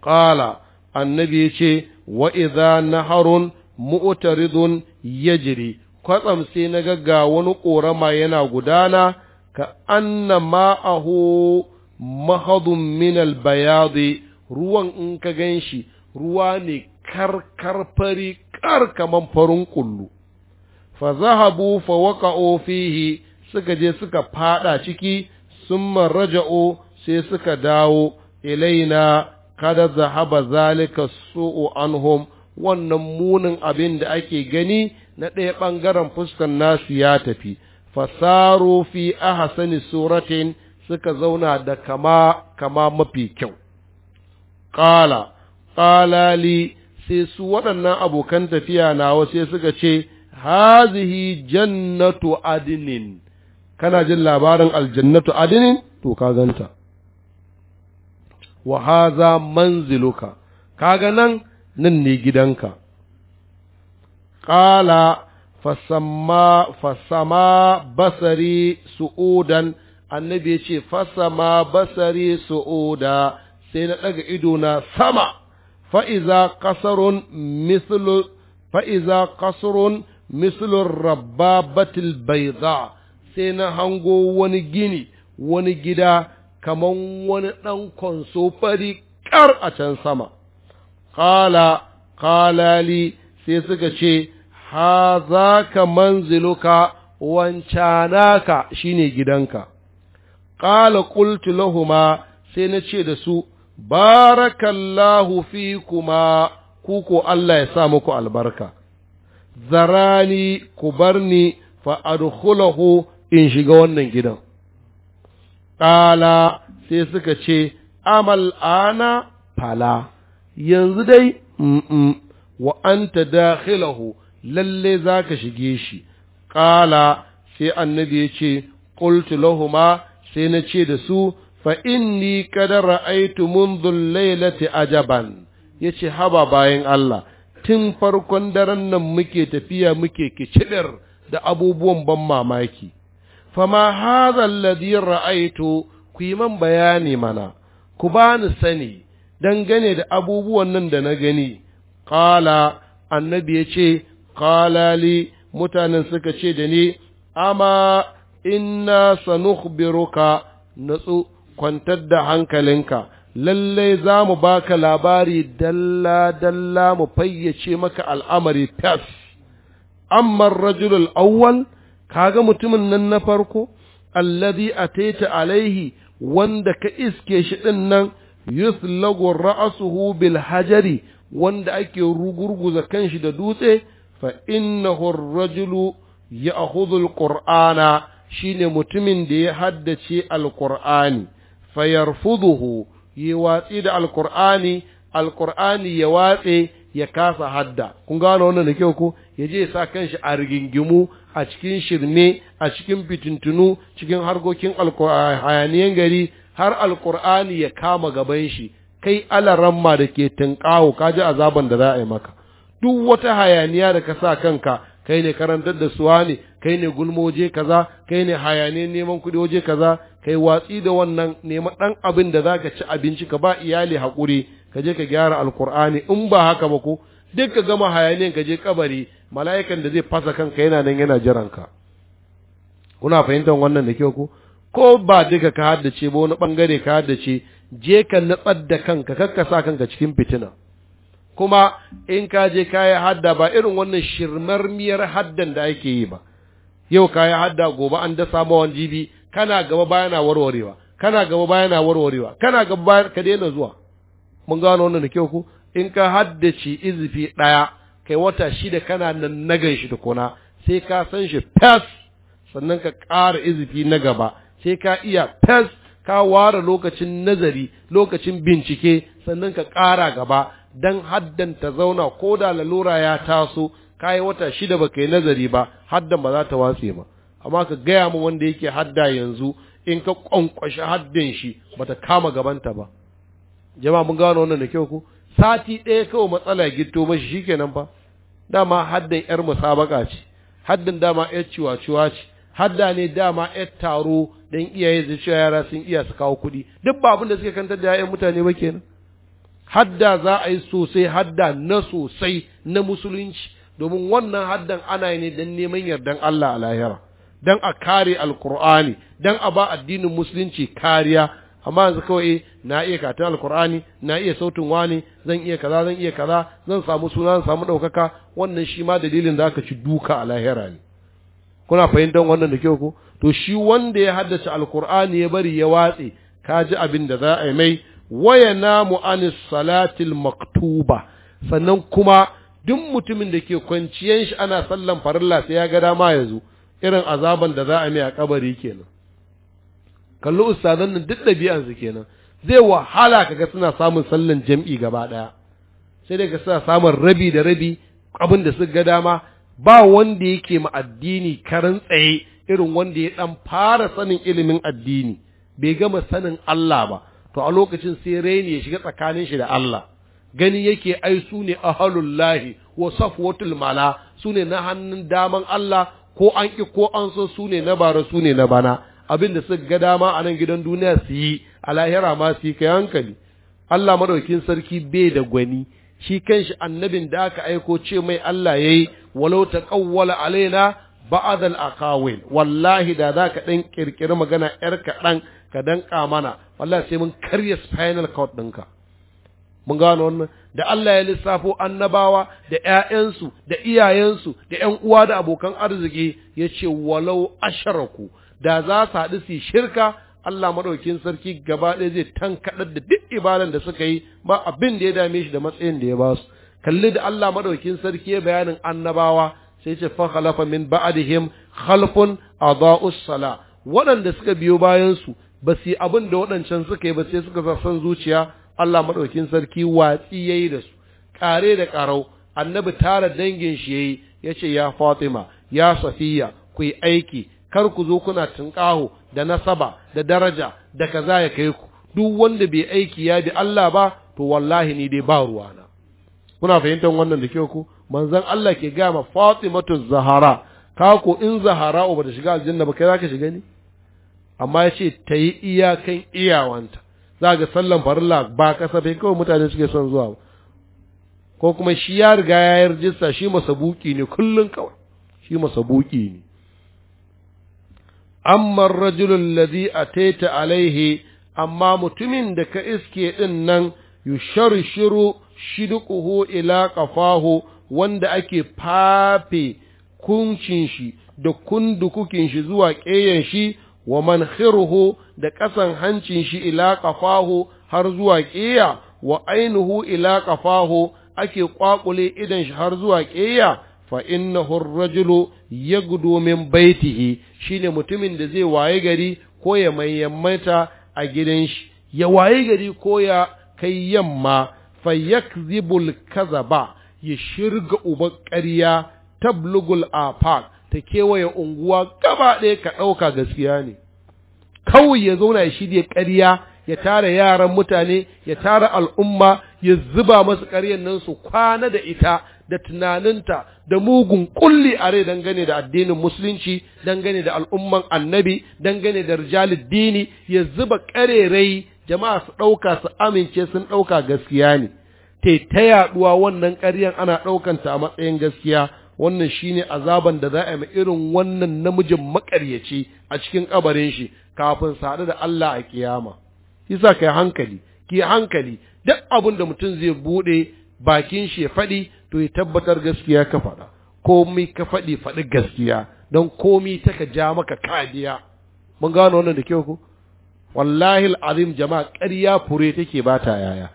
ƙala annabi ya ce na Harun naharun mu'taridun yajri kwatsam sai na gagga wani ƙorama yana gudana ka anna ma'ahu mahadun minal bayadi ruwan in ka gan shi ruwa ne karkar fari kar kaman farin kullu fa zahabu fa waqa'u fihi suka je suka fada ciki sun raja'o sai suka dawo ilaina kada zahaba zalika su'u anhum wannan munin abin da ake gani na ɗaya ɓangaren fuskan nasu ya tafi fasaru fi ahsani suratin suka zauna da kama kama mafi kyau ƙala ƙalali sai su waɗannan abokan tafiya nawa sai suka ce hazihi jannatu adinin kana jin labarin aljannatu adinin to ka ganta wa haza manziluka kaga nan nan ne gidanka qala fasama fasama basari su'udan annabi yace ce fasama basari su'uda sai na ɗaga na sama fa'iza ƙasarun qasrun fa'iza ƙasarun iza rabba batil bai bayda sai na hango wani gini wani gida kaman wani ɗan kwanso fari ƙar a can sama ƙala ƙalali sai suka ce ha za ka manziluka wancanaka ne gidanka ƙala ƙultu lahuma sai na ce da su barakallahu fi kuma kuko Allah ya sa muku albarka zarani ku barni fa adkhulahu in shiga wannan gidan ƙala sai suka ce amal ana fala yanzu dai wa anta dakhilahu lalle zaka shige shi ƙala sai annabi ya ce qultu lahuma sai na ce da su fa inni qad ra'aytu منذ الليلة ajaban yace haba bayan Allah tun farkon daren nan muke tafiya muke kicidir da abubuwan ban mamaki fama hadha alladhi ra'aito ku yi man bayani mana ku bani sani dangane da abubuwan nan da na gani ƙala annabi yace qala li mutanen suka ce da ni amma inna sanukhbiruka natsu kwantar da hankalinka lallai za mu baka labari dalla-dalla mu fayyace maka al'amari fas, amma rajulul awwal kaga mutumin nan na farko allazi ataita alaihi wanda ka iske shi din nan yuslagu ra'suhu bil hajari wanda ake rugurguza kanshi da dutse fa innahu ar-rajulu ya'khudhu al-qur'ana shine mutumin da ya haddace al-qur'ani fayarfuduhu yi watsi da al-qur'ani al-qur'ani ya watse ya kasa hadda kun gano wannan da kyau ko yaje ya sa kanshi a rigingimu a cikin shirme a cikin fitintunu cikin harkokin hayaniyan gari har alkur'ani ya kama gaban shi kai alaramma da ke tunƙawo ka ji azaban da za a yi maka duk wata hayaniya da ka sa kanka kai ne karantar da suwa ne kai ne gulmoje kaza kai ne hayaniyan neman kuɗi waje kaza kai watsi da wannan nema ɗan abin da za ka ci abinci ka ba iyali haƙuri ka je ka gyara alkur'ani in ba haka ba ko duk ka gama hayaniyan ka je kabari mala'ikan da zai fasa kanka yana nan yana jiran ka kuna fahimtar wannan da kyau ko ko ba duka ka haddace ba wani bangare ka haddace je ka nutsar da kanka kakka sa kanka cikin fitina kuma in ka je ka yi hadda ba irin wannan shirmar miyar haddan da ake yi ba yau ka yi hadda gobe an dasa mawan jibi kana gaba baya na warwarewa kana gaba baya na warwarewa kana gaba baya ka daina zuwa mun gano wannan da kyau ku in ka haddace izifi ɗaya kai wata shida kana nan gan shi tukuna sai ka san shi fes sannan ka ƙara izifi na gaba sai ka iya fes ka ware lokacin nazari lokacin bincike sannan ka ƙara gaba don haddan ta zauna ko da lalura ya taso ka yi wata shida ba yi nazari ba haddan ba za ta watse ba amma ka gaya mu wanda yake hadda yanzu in ka ƙwanƙwashe haddin shi ba ta kama gabanta ba jama'a mun gano wannan da kyau ku sati ɗaya kawai matsala gito mashi shikenan fa dama haddan yar musabaka ce haddan dama yar ciwa-ciwa ce hadda ne dama yar taro dan iyaye su cewa yara sun iya su kawo kuɗi duk ba abin da suke kantar da ya'yan mutane ba kenan hadda za a yi sosai hadda na sosai na musulunci domin wannan haddan ana yi ne dan neman yardan Allah a lahira dan a kare alkur'ani dan a ba addinin musulunci kariya amma yanzu kawai na iya katin alkur'ani na iya sautin wani zan iya kaza zan iya kaza zan samu suna zan samu ɗaukaka wannan shi ma dalilin da aka ci duka a lahira ne kuna fahimtar wannan da kyau ko to shi wanda ya haddace alkur'ani ya bari ya watse ka ji abin da za a yi mai waya namu anis salatil maktuba sannan kuma duk mutumin da ke kwanciyan shi ana sallan farilla sai ya ga dama yanzu irin azaban da za a mai a kabari kenan kalli ustazan nan duk su kenan zai wahala kaga suna samun sallan jam'i gaba ɗaya sai dai ka suna samun rabi da rabi abin da suka ga dama ba wanda yake ma addini karan tsaye irin wanda ya dan fara sanin ilimin addini bai gama sanin Allah ba to a lokacin sai raini ya shiga tsakanin shi da Allah gani yake ai su ne ahalullahi wa safwatul mala su ne na hannun daman Allah ko an ki ko an so su ne na bara su ne na bana abin da suka ga dama a nan gidan duniya su yi a lahira ma su yi hankali Allah madaukin sarki bai da gwani shi kanshi annabin da aka aiko ce mai Allah yayi walau taqawwala alaina ba'd al-aqawil wallahi da zaka dan kirkiri magana yar ɗan, ka danka mana wallahi sai mun karya spinal cord ɗinka mun gano wannan da Allah ya lissafo annabawa da ‘ya'yansu da iyayensu da ‘yan uwa da abokan arziki yace ce walau asharaku da za su haɗu su shirka Allah maɗaukin sarki gaba ɗaya zai tankaɗar da duk ibadan da suka yi ba abin da ya dame shi da matsayin da ya ba su kalli da Allah maɗaukin sarki ya bayanin annabawa sai ce fa khalafa min ba'dihim khalfun adaa'us sala waɗanda suka biyo bayan su ba su abin da waɗancan suka yi ba sai suka san zuciya Allah maɗaukin sarki watsi yayi da su kare da karau annabi tara dangin shi yayi yace ya Fatima ya Safiya ku yi aiki kar ku zo kuna tunƙaho da nasaba da daraja da kaza ya kai ku duk wanda bai aiki ya bi Allah ba to wallahi ni dai ba ruwa na. kuna fahimtar wannan da kyau ku manzon Allah ke gama Fatimatu Zahara ka ko in Zahara ba ta shiga aljanna ba kai zaka shiga ne amma ya ce ta yi iyakan iyawanta za ga sallan farilla ba kasafai kawai mutane suke son zuwa ba ko kuma shi ya riga ya yi rajista shi masabuki ne kullum kawai shi masabuki ne amma rajulun ladhi ataita alaihi amma mutumin da ka iske din nan yusharshiru shiduquhu ila qafahu wanda ake fafe kuncin shi da kundukukin shi zuwa ƙeyen shi wa manhiruhu da ƙasan hancin shi ila qafahu har zuwa ƙeya wa ainuhu ila qafahu ake kwakule idan shi har zuwa ƙeya fa innahu rajulu yagdu min baitihi shine mutumin da zai waye gari ko ya mai yammata a gidan shi ya waye gari ko ya kai yamma Fa yakzibul kazaba ya shirga uban ƙarya tablugul afaq ta kewaye unguwa gaba ɗaya ka ɗauka gaskiya ne kawai ya zauna ya shirya ƙarya ya tara yaran mutane ya tara al'umma ya zuba masu ƙaryar nan su kwana da ita da tunaninta da mugun kulli a rai dangane da addinin musulunci dangane da al'umman annabi dangane da rijalid ya zuba karerai jama'a su ɗauka su amince sun ɗauka gaskiya ne te ta yaɗuwa wannan ƙaryan ana ɗaukanta a matsayin gaskiya wannan shine azaban da za a yi irin wannan namijin maƙaryaci a cikin kabarin shi kafin su haɗu da Allah a kiyama yasa kai hankali ki hankali duk abin da mutum zai buɗe bakin shi ya faɗi to yi tabbatar gaskiya ka faɗa komai ka faɗi faɗi gaskiya don komai ta ka ja maka kadiya mun gano wannan da kyau ku wallahi al'azim jama'a ƙarya fure take ba ta yaya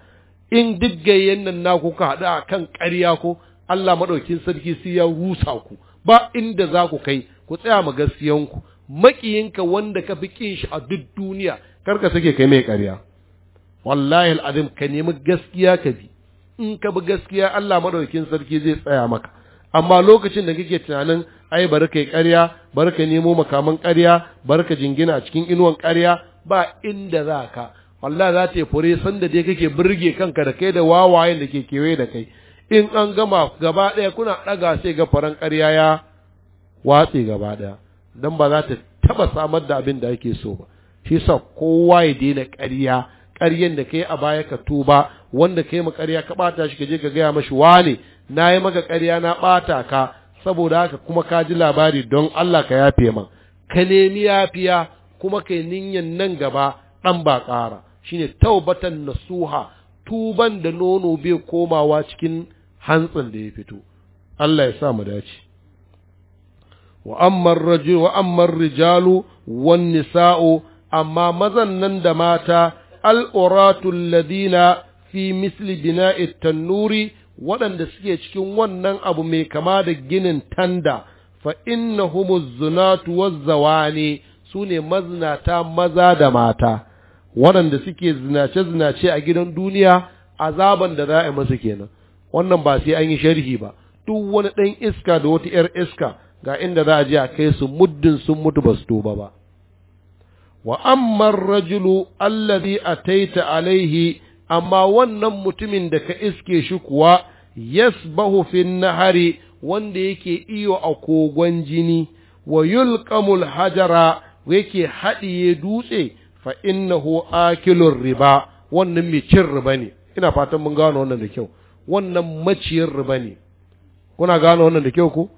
in duk gayyen nan na kuka haɗu a kan ƙarya ko Allah maɗaukin sarki sai ya rusa ku ba inda za ku kai ku tsaya ma gaskiyanku maƙiyinka wanda ka fi ƙin shi a duk duniya kar ka sake kai mai ƙarya wallahi al'azim ka nemi gaskiya ka bi in ka bi gaskiya Allah madaukakin sarki zai tsaya maka amma lokacin da kake tunanin ai bari kai ƙarya bari ka nemo makaman ƙarya bari ka jingina a cikin inuwan ƙarya ba inda za ka wallahi za ta yi fure sanda dai kake burge kanka da kai da wawayen da ke kewaye da kai in an gama gaba ɗaya kuna ɗaga sai ga faran ƙarya ya watse gaba ɗaya don ba za ta taɓa samar da abin da ake so ba shi sa kowa ya daina ƙarya ƙaryan da kai a baya ka tuba wanda kai ma ƙarya ka ɓata shi ka je ka gaya mashi wane na yi maka ƙarya na ɓata ka saboda haka kuma ka ji labari don Allah ka yafe man ka nemi yafiya kuma kai ninyan nan gaba ɗan ba ƙara shine taubatan nasuha tuban da nono bai komawa cikin hantsin da ya fito Allah ya sa mu dace wa ammar rajul wa ammar rijalu wan nisa'u amma mazan nan da mata al'uratul ladina fi misli bina'i tannuri waɗanda suke cikin wannan abu mai kama da ginin tanda fa innahum zunatu wazzawani su ne mazinata maza da mata waɗanda suke zinace-zinace a gidan duniya azaban da za a kenan wannan ba sai an yi sharhi ba duk wani ɗan iska da wata ‘yar iska ga inda za a je a kai su muddin sun mutu ba su toba ba wa amma rajulu allazi ataita alaihi amma wannan mutumin da ka iske shi kuwa yasbahu fin nahari wanda yake iyo a kogon jini wa yulqamul hajara yake haɗiye dutse fa innahu akilur riba wannan mai cin riba ne ina fatan mun gano wannan da kyau wannan maciyar riba ne kuna gano wannan da kyau ko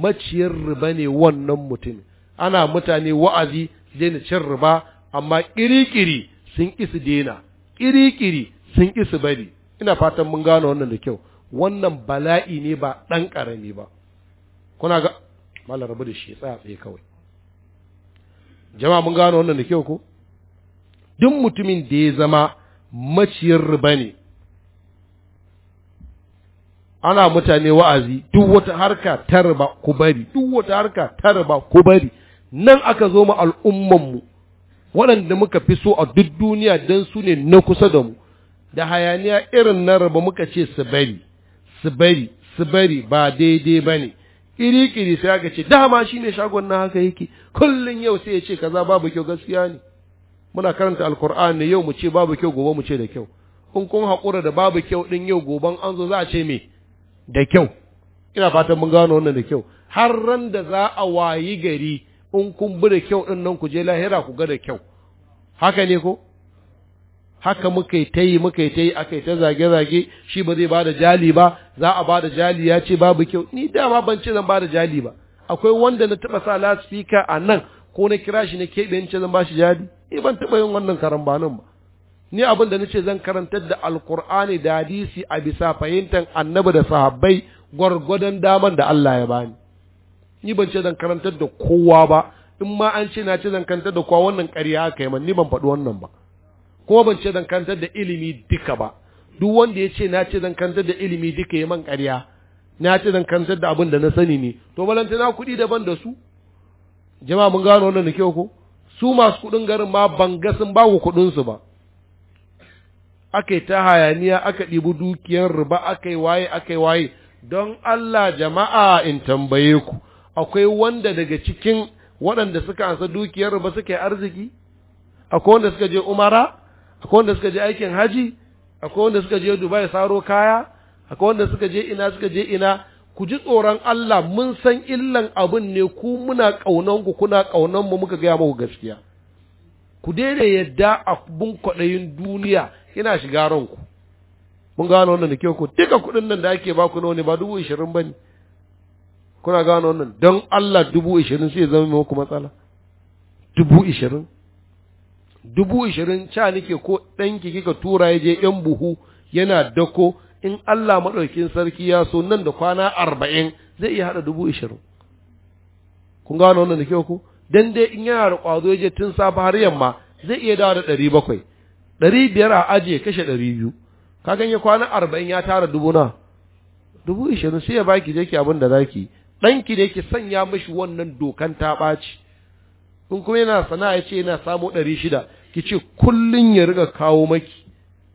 maciyar riba ne wannan mutumin ana mutane wa'azi daina cin riba amma kiri-kiri sun ki daina Ƙiriƙiri sun ƙi su bari ina fatan mun gano wannan da kyau wannan bala'i ne ba ɗan ƙarami ba kuna ga malar rabu da shi tsaya tsaye kawai jama'a mun gano wannan da kyau ko duk mutumin da ya zama maciyar riba ne ana mutane wa'azi duk wata harka ta riba ku bari duk wata harka ta riba ku bari nan aka zo mu al'ummanmu waɗanda muka fi so a duk duniya don su ne na kusa da mu da hayaniya irin na raba muka ce su bari su bari su bari ba daidai ba ne kiri kiri sai aka ce dama shi ne shagon na haka yake kullum yau sai ya ce kaza babu kyau gaskiya ne muna karanta alkur'an ne yau mu ce babu kyau gobe mu ce da kyau kun kun haƙura da babu kyau ɗin yau goben an zo za a ce me da kyau ina fatan mun gano wannan da kyau har ran da za a wayi gari in kun bi da kyau ɗin nan ku je lahira ku ga da kyau haka ne ko haka muka yi ta yi muka yi ta yi aka yi ta zage-zage shi ba zai ba da jali ba za a ba da jali ya ce babu kyau ni dama ban ce zan ba da jali ba akwai wanda na taɓa sa lasfika a nan ko na kira shi na keɓe in ce zan ba shi jali ni ban taɓa yin wannan karambanin ba ni abin da na ce zan karantar da alkur'ani da hadisi a bisa fahimtar annabi da sahabbai gwargwadon daman da Allah ya bani ni ban ce zan karantar da kowa ba in ma an ce na ce zan karantar da kowa wannan ƙarya aka yi man ni ban faɗi wannan ba kuma ban ce zan karantar da ilimi duka ba duk wanda ya ce na ce zan karantar da ilimi duka ya man ƙarya na ce zan karantar da abin da na sani ne to balanta na kuɗi daban da su jama'a mun gano wannan da kyau ko su masu kuɗin garin ma ban ga sun ba ku kuɗin su ba aka yi ta hayaniya aka ɗibi dukiyar riba aka yi waye aka yi waye don Allah jama'a in tambaye ku akwai wanda daga cikin waɗanda suka ansa dukiyar ba suka yi arziki akwai wanda suka je umara akwai wanda suka je aikin haji akwai wanda suka je dubai saro kaya akwai wanda suka je ina suka je ina ku ji tsoron Allah mun san illan abin ne ku muna ƙaunan ku kuna kaunan mu muka gaya muku gaskiya ku daina yadda abun kwaɗayin duniya ina shiga ranku mun gano wannan da kyau ku duka kuɗin nan da ake baku nawa ne ba dubu ashirin ba ne kuna gano wannan don Allah dubu ishirin sai zama muku matsala dubu ishirin dubu ishirin ca nike ko ɗanki kika tura ya je yan buhu yana dako in Allah maɗaukin sarki ya so nan da kwana arba'in zai iya haɗa dubu ishirin kun gano wannan da kyau ku don dai in yana da ƙwazo ya je tun safe har yamma zai iya dawo da ɗari bakwai ɗari biyar a ajiye kashe ɗari biyu ka ganye kwana arba'in ya tara dubu na dubu ishirin sai ya baki je ki abin da zaki ɗanki da yake sanya mashi wannan dokan ta ɓaci kun kuma yana sana'a ya ce yana samo ɗari shida ki ce kullum ya riga kawo maki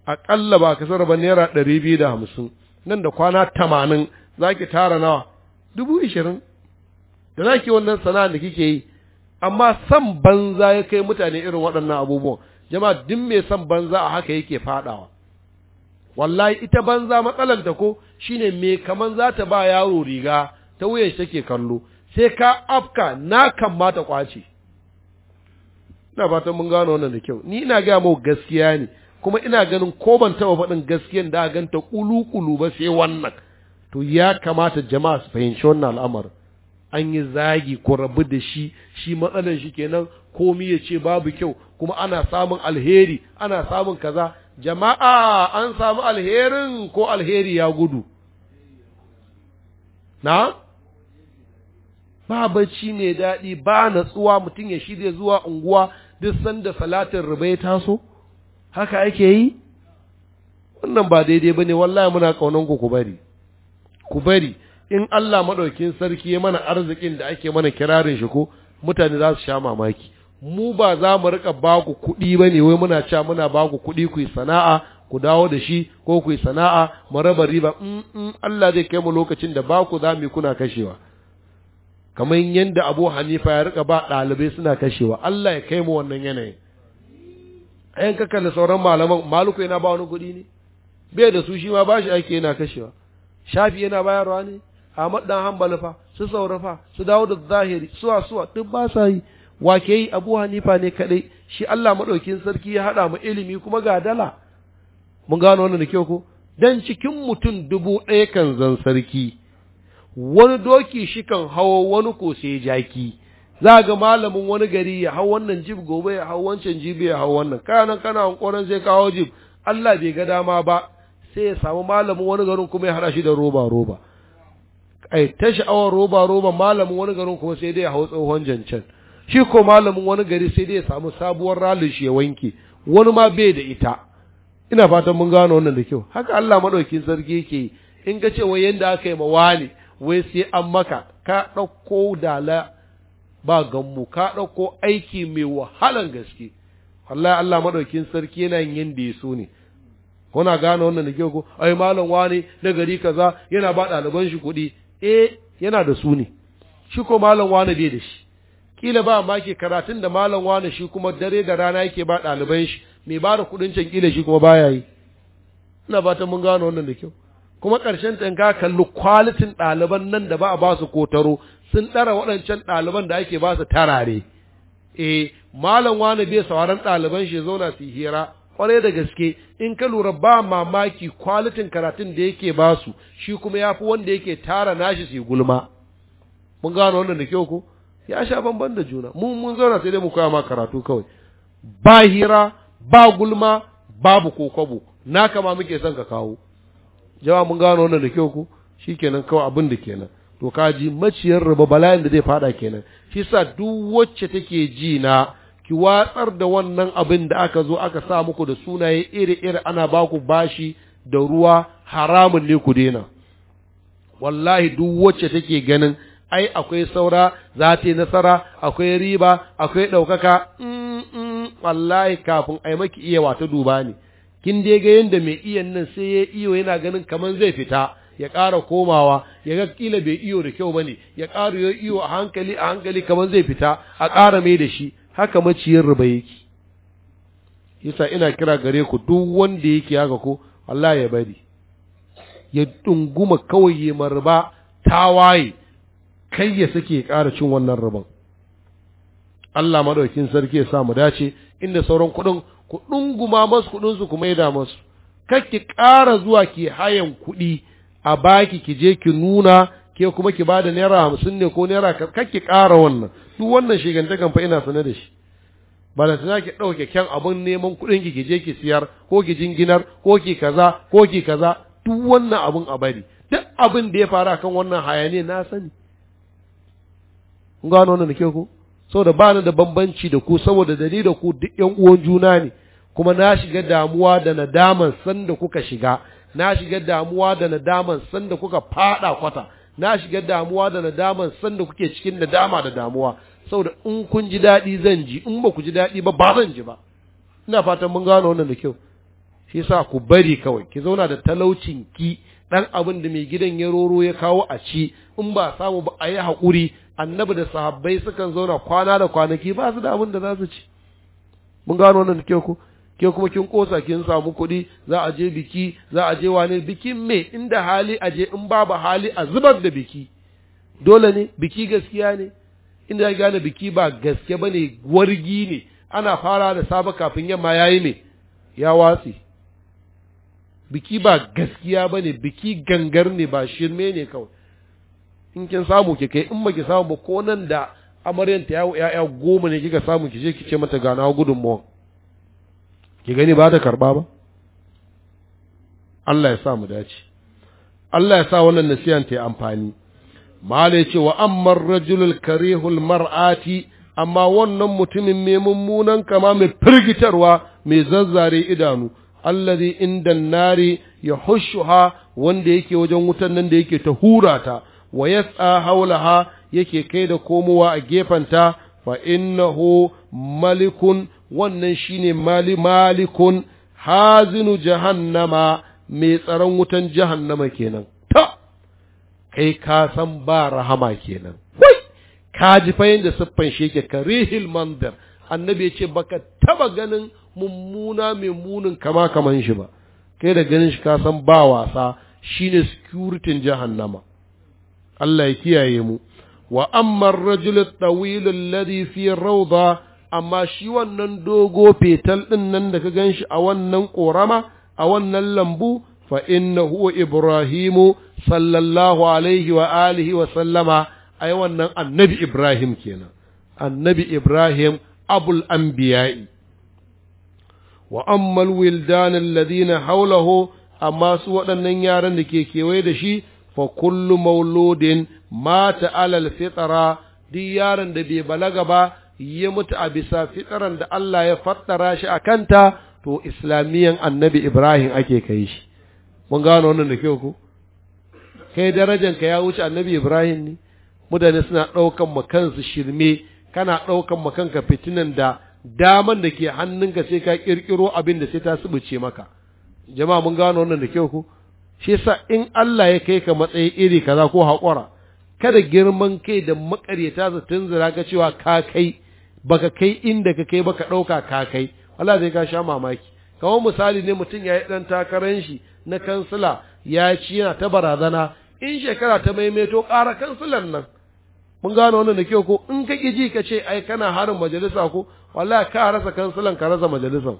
aƙalla ba ka sarrafa naira ɗari biyu da hamsin nan da kwana tamanin za ki tara nawa dubu ashirin. da za ki wannan sana'a da kike yi amma san banza ya kai mutane irin waɗannan abubuwan jama'a duk mai san banza a haka yake faɗawa wallahi ita banza matsalar ta ko shine me kaman za ta ba yaro riga ta wuyan shi take kallo sai ka afka na ta kwace ina fatan mun gano wannan da kyau ni ina gaya mau gaskiya ne kuma ina ganin ko ban taba faɗin gaskiyan da ganta kulu-kulu ba sai wannan to ya kamata jama'a su fahimci wannan al'amar an yi zagi ko rabu da shi shi matsalan shi kenan komi ya ce babu kyau kuma ana samun alheri ana samun kaza jama'a an samu alherin ko alheri ya gudu na ba bacci mai daɗi ba natsuwa mutum ya shirya zuwa unguwa duk sanda salatin riba ya taso haka ake yi wannan ba daidai ba ne wallahi muna ƙaunan ku bari ku bari in Allah maɗaukin sarki ya mana arzikin da ake mana kirarin shi ko mutane za su sha mamaki mu ba za mu riƙa ba ku kuɗi ba ne wai muna cewa muna ba ku kuɗi ku yi sana'a ku dawo da shi ko ku yi sana'a mu raba riba in Allah zai kai mu lokacin da ba ku za mu kuna kashewa kamar yadda abu hanifa ya rika ba ɗalibai suna kashewa Allah ya kai mu wannan yanayin ayan kaka da sauran malaman maluku yana ba wani kuɗi ne bai da su shi ma ba shi ake yana kashewa shafi yana bayarwa ne a maɗan hanbali fa su saurafa su dawo da zahiri suwa suwa duk ba sa yi wake yi abu hanifa ne kaɗai shi Allah maɗaukin sarki ya haɗa mu ilimi kuma ga dala mun gano wannan da kyau ko dan cikin mutum dubu ɗaya kan zan sarki wani doki shi kan hawo wani ko sai jaki za ga malamin wani gari ya hau wannan jib gobe ya hau wancan jibi ya hau wannan kanan kana hankoran sai kawo jib Allah bai ga dama ba sai ya samu malamin wani garin kuma ya hada shi da roba roba ai ta sha'awar roba roba malamin wani garin kuma sai dai ya hau tsohon jancan shi ko malamin wani gari sai dai ya samu sabuwar ralin shi ya wanke wani ma bai da ita ina fatan mun gano wannan da kyau haka Allah madaukin sarki yake in ga cewa yanda aka yi ma wani wai sai an maka ka ɗauko dala ba ganmu ka ɗauko aiki mai wahalan gaske wallahi Allah madaukin sarki yana yin da ya so ne kuna gane wannan da ke ko ai malam wani na gari kaza yana ba ɗaliban shi kuɗi eh yana da su ne shi ko malam wani bai da shi kila ba ma ke karatun da malam wani shi kuma dare da rana yake ba ɗaliban shi mai ba da kuɗin can kila shi kuma baya yi ina fatan mun gane wannan da kyau kuma ƙarshen ta ka kalli kwalitin ɗaliban nan da ba a ba su kotaro sun ɗara waɗancan ɗaliban da ake ba su tarare E, malam wani bai sauran ɗaliban shi zauna su hira kwarai da gaske in ka lura ba mamaki kwalitin karatun da yake ba su shi kuma ya fi wanda yake tara nashi su gulma mun gano wannan da kyau ko ya sha bamban da juna mun mun zauna sai dai mu koya ma karatu kawai ba hira ba gulma babu ko kwabo na kama muke son ka kawo jama mun gano wannan da kyau ku kenan kawai abin da kenan to ka ji maciyar riba bala'in da zai fada kenan shi sa duk wacce take ji na ki watsar da wannan abin da aka zo aka sa muku da sunaye iri-iri ana baku bashi da ruwa haramun ne ku daina wallahi duk wacce take ganin ai akwai saura za ta yi nasara akwai riba akwai ɗaukaka wallahi kafin ai maki iya wata duba ne kin dai ga yanda mai iyan nan sai ya iyo yana ganin kaman zai fita ya ƙara komawa ya ga kila bai iyo da kyau bane ya ƙara ya iyo a hankali a hankali kaman zai fita a ƙara mai da shi haka maciyin ruba yake yasa ina kira gare ku duk wanda yake haka ko Allah ya bari ya dunguma kawai ya marba tawaye kai ya sake ƙara cin wannan rabon Allah madaukin sarki ya sa mu dace inda sauran kuɗin ku ɗunguma masu kuɗinsu ku maida masu kar ƙara zuwa ke hayan kuɗi a baki ki je ki nuna ke kuma ki bada naira hamsin ne ko naira kar ƙara wannan duk wannan kan fa ina sane da shi ba da tana ki ɗauke kyan abin neman kuɗin ki ki je ki siyar ko ki jinginar ko ki kaza ko ki kaza duk wannan abin a bari duk abin da ya faru akan wannan hayaniya na sani kun gano wannan da ke ku saboda ba ni da bambanci da ku saboda da ni da ku duk yan uwan juna ne kuma na shiga damuwa da nadaman sanda kuka shiga na shiga damuwa da nadaman sanda kuka fada kwata na shiga damuwa da nadaman sanda kuke cikin nadama da damuwa saboda in kun ji daɗi zan ji in ba ku ji daɗi ba ba zan ji ba ina fatan mun gano wannan da kyau shi yasa ku bari kawai ki zauna da talaucin ki dan abin da mai gidan ya roro ya kawo a ci in ba samu ba a yi haƙuri annabi da sahabbai sukan zauna kwana da kwanaki ba su da abin da za su ci mun gano wannan da kyau ku ke kuma kin kosa kin samu kuɗi za a je biki za a je wani bikin me inda hali a je in babu hali a zubar da biki dole ne biki gaskiya ne inda ya gane biki ba gaske bane wargi ne ana fara da saba kafin yamma yayi me ya watsi biki ba gaskiya bane biki gangar ne ba shirme ne kawai in kin samu ki kai in ba ki samu ba ko nan da amaryanta ya ya goma ne kika samu ki je ki ce mata ga na ki gani ba ta karɓa ba Allah ya sa mu dace Allah ya sa wannan nasiyan ta yi amfani mala ya ce wa ammar rajulul karihul mar'ati amma wannan mutumin mai mummunan kama mai firgitarwa mai zazzare idanu allazi inda nari ya hushuha wanda yake wajen wutan nan da yake ta hurata ta wa yatsa haulaha yake kai da komowa a gefenta fa innahu malikun wannan shine mali malikun hazinu jahannama mai tsaron wutan jahannama kenan ta kai ka san ba rahama kenan wai ka ji fa yanda siffan sheke yake karihil mandar annabi ya ce baka taba ganin mummuna mai munin kama kaman shi ba kai da ganin shi ka san ba wasa shine security jahannama Allah ya kiyaye mu wa amma ar-rajul at-tawil alladhi fi rawda amma shi wannan dogo fetal ɗin nan da ka gan shi a wannan ƙorama a wannan lambu fa inna huwa ibrahimu sallallahu alaihi wa alihi wa sallama ai wannan annabi ibrahim kenan annabi ibrahim abul anbiya'i wa ammal wildan alladhina hawlahu amma su waɗannan yaran da ke kewaye da shi fa kullu mauludin mata alal fitra duk yaran da bai balaga ba ya mutu a bisa fitaran da Allah ya faddara shi a kanta to islamiyan annabi Ibrahim ake kai shi mun gano wannan da kyau ko kai darajan ka ya wuce annabi Ibrahim ne mutane suna ɗaukan ma kansu shirme kana ɗaukan ma kanka fitinan da daman da ke hannunka sai ka kirkiro abin da sai ta subuce maka jama'a mun gano wannan da kyau ko shi yasa in Allah ya kai ka matsayi iri kaza ko haƙura kada girman kai da makaryata su tunzura ka cewa ka kai baka kai inda ka kai baka ɗauka ka kai Allah zai ka sha mamaki kamar misali ne mutum ya yi ɗan takarar shi na kansila ya ci yana ta barazana in shekara ta maimaito ƙara kansilan nan mun gano wannan da kyau ko in ka ƙi ji ka ce ai kana harin majalisa ko wallahi ka rasa kansilan ka rasa majalisan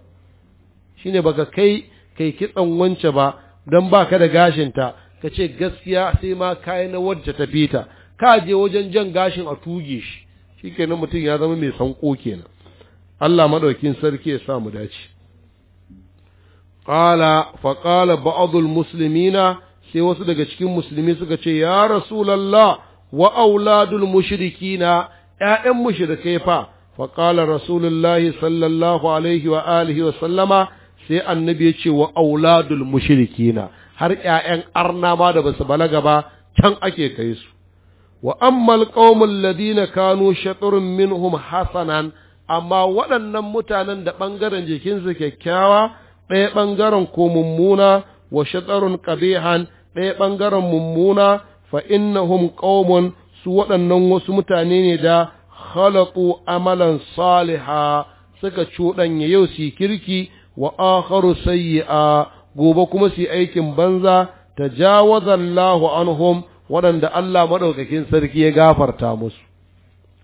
shine baka kai kai kitsan wance ba don baka da gashinta ka ce gaskiya sai ma kayi na wadda ta fita ka je wajen jan gashin a tuge shi shikenan mutum ya zama mai sanko kenan Allah madaukin sarki ya sa mu dace qala fa qala ba'dul muslimina sai wasu daga cikin musulmi suka ce ya rasulullah wa auladul mushrikina ya'yan mushrikai fa fa qala rasulullahi sallallahu alaihi wa alihi wa sallama sai annabi ya ce wa auladul mushrikina har 'ya'yan arna ma da basu balaga ba can ake kai su wa ammal qaumul ladina kanu shatrun minhum hasanan amma waɗannan mutanen da ɓangaren jikinsu kyakkyawa ɗaya ɓangaren ko mummuna wa shatarun qabihan ɗaya ɓangaren mummuna fa innahum qaumun su waɗannan wasu mutane ne da khalaqu amalan saliha suka cuɗanya yau su kirki wa akharu sayyi'a gobe kuma su aikin banza tajawaza Allahu anhum waɗanda Allah maɗaukakin sarki ya gafarta musu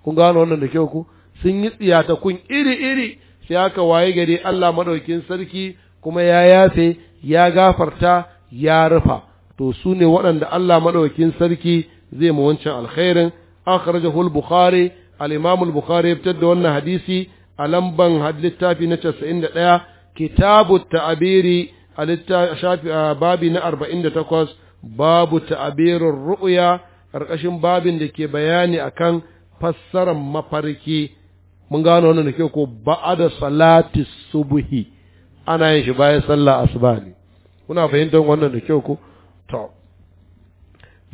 kun gano wannan da kyau ku sun yi tsiyata kun iri iri sai aka waye gari Allah maɗaukin sarki kuma ya yafe ya gafarta ya rufa to su ne waɗanda Allah maɗaukin sarki zai mu wancan alkhairin akhrajahu al-bukhari al-imam bukhari fitar da wannan hadisi a lamban littafi na 91 kitabu ta'abiri a littafi babi na 48 babu ta'abirin ru'ya ƙarƙashin babin da ke bayani akan fassarar mafarki mun gano wannan da ke ko ba'ada salati subhi ana yin shi bayan sallah asuba ne kuna fahimtar wannan da kyau ko to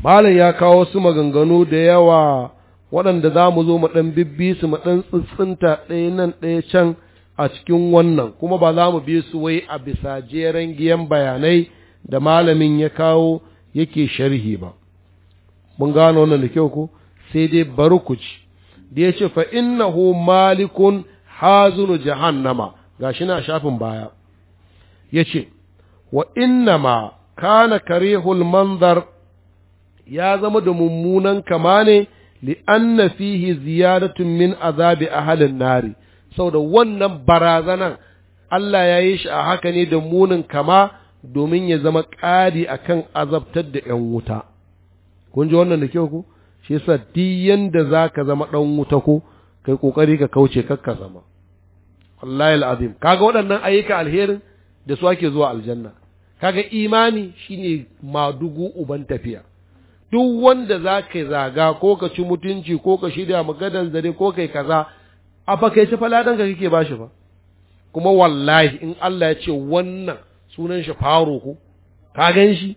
malam ya kawo su maganganu da yawa waɗanda za mu zo mu ɗan bibbi su mu ɗan tsintsinta ɗaya nan ɗaya can a cikin wannan kuma ba za mu bi su wai a bisa jeren giyan bayanai da malamin ya kawo yake sharhi ba mun gano wannan da kyau ko sai dai bari ku ci da ya ce fa innahu malikun hazunu jahannama shi na shafin baya ya ce wa innama kana karihul manzar ya zama da mummunan kama ne li'anna fihi ziyadatun min azabi ahalin nari da wannan barazanan Allah ya yi shi a haka ne da munin kama domin ya zama ƙari a kan azabtar da ‘yan wuta kun ji wannan da kyau ku shi yasa diyan da za ka zama ɗan wuta ko kai ƙoƙari ka kauce kakka zama wallahi al'azim kaga waɗannan ayyuka alherin da su ake zuwa aljanna kaga imani shine madugu uban tafiya duk wanda za ka zaga ko ka ci mutunci ko ka shirya magadan zare ko kai kaza a fakaice faladan ka kake bashi ba kuma wallahi in Allah ya ce wannan sunan shi faro ko ka gan shi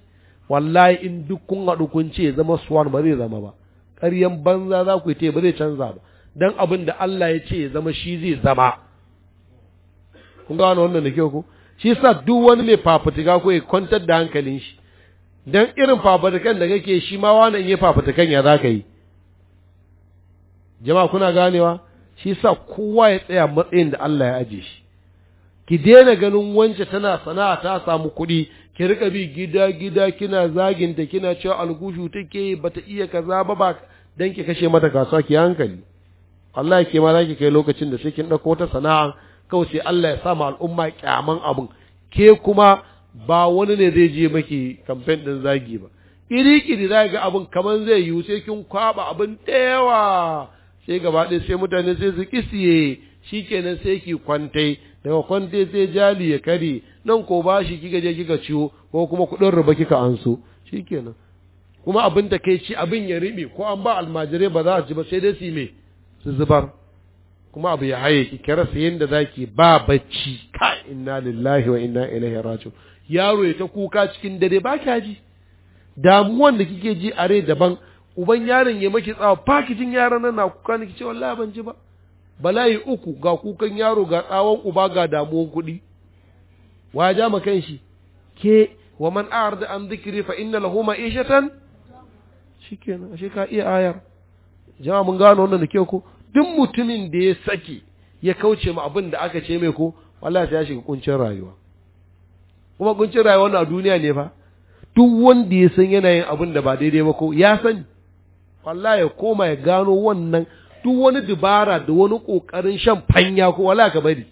wallahi in duk kun haɗu kun ce zama suwan ba zai zama ba ƙaryan banza za ku yi ba zai canza ba dan abin da Allah ya ce ya zama shi zai zama kun gano wannan da kyau ko shi sa duk wani mai fafutuka ko ya kwantar da hankalin shi dan irin fafutukan da kake shi ma wannan ya fafutukan ya zaka yi jama'a kuna ganewa shi sa kowa ya tsaya matsayin da Allah ya aje shi ki daina ganin wance tana sana'a ta samu kuɗi ki rika bi gida gida kina zaginta kina cewa algushu take bata iya kaza ba ba dan ki kashe mata kasuwa ki hankali Allah ke ma zaki kai lokacin da sai kin dauko ta sana'a kawai sai Allah ya sa ma al'umma kyaman abun ke kuma ba wani ne zai je maki campaign din zagi ba iri kiri za ga abun kaman zai yiwu sai kin kwaba abin da sai gaba ɗaya sai mutane sai su kisiye shikenan sai ki kwantai daga kwante sai jali ya kare nan ko ba shi kika je kika ciwo ko kuma kuɗin ruba kika shi shikenan kuma abin da kai ci abin ya riɓe ko an ba almajirai ba za a ci ba sai dai su mai su zubar kuma abu ya haye ki kira sayen da zaki ba bacci ka inna lillahi wa inna ilaihi raji'un yaro ya ta kuka cikin dare ba ka ji damuwan da kike ji a rai daban uban yaron ya maki tsawa fakijin yaron nan na kuka niki ce wallahi ban ji ba bala'i uku ga kukan yaro ga tsawon uba ga damuwan kuɗi wa ja ma kan shi ke wa man arda an zikiri fa inna lahu ma'ishatan shikenan ashe ka iya ayar Ja mun gano wannan da ke ko duk mutumin da ya saki ya kauce ma abin da aka ce mai ko wallahi ya shiga kuncin rayuwa kuma kuncin rayuwa na duniya ne fa duk wanda ya san yana yin abin da ba daidai ba ko ya sani wallahi ya koma ya gano wannan duk wani dubara da wani ƙoƙarin shan fanya ko wala ka bari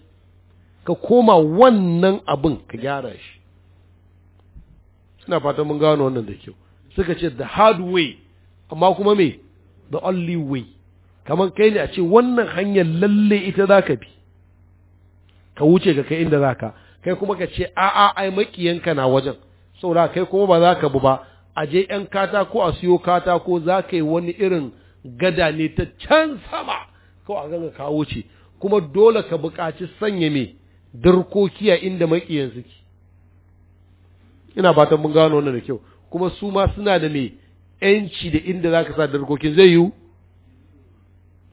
ka koma wannan abin ka gyara shi ina fatan mun gano wannan da kyau suka ce the hard way amma kuma me the only way kamar kai ne a ce wannan hanyar lalle ita za ka bi ka wuce ka kai inda za ka kai kuma ka ce a'a ai makiyanka na wajen saboda kai kuma ba za ka bi ba a je 'yan katako a siyo katako za ka yi wani irin gada ne ta can sama kawai a ganga kawo ce kuma dole ka buƙaci sanya me dirkoki a inda maƙiyan suke ina fatan mun gano wannan da kyau kuma su ma suna da mai yanci da inda zaka sa dirkokin zai yiwu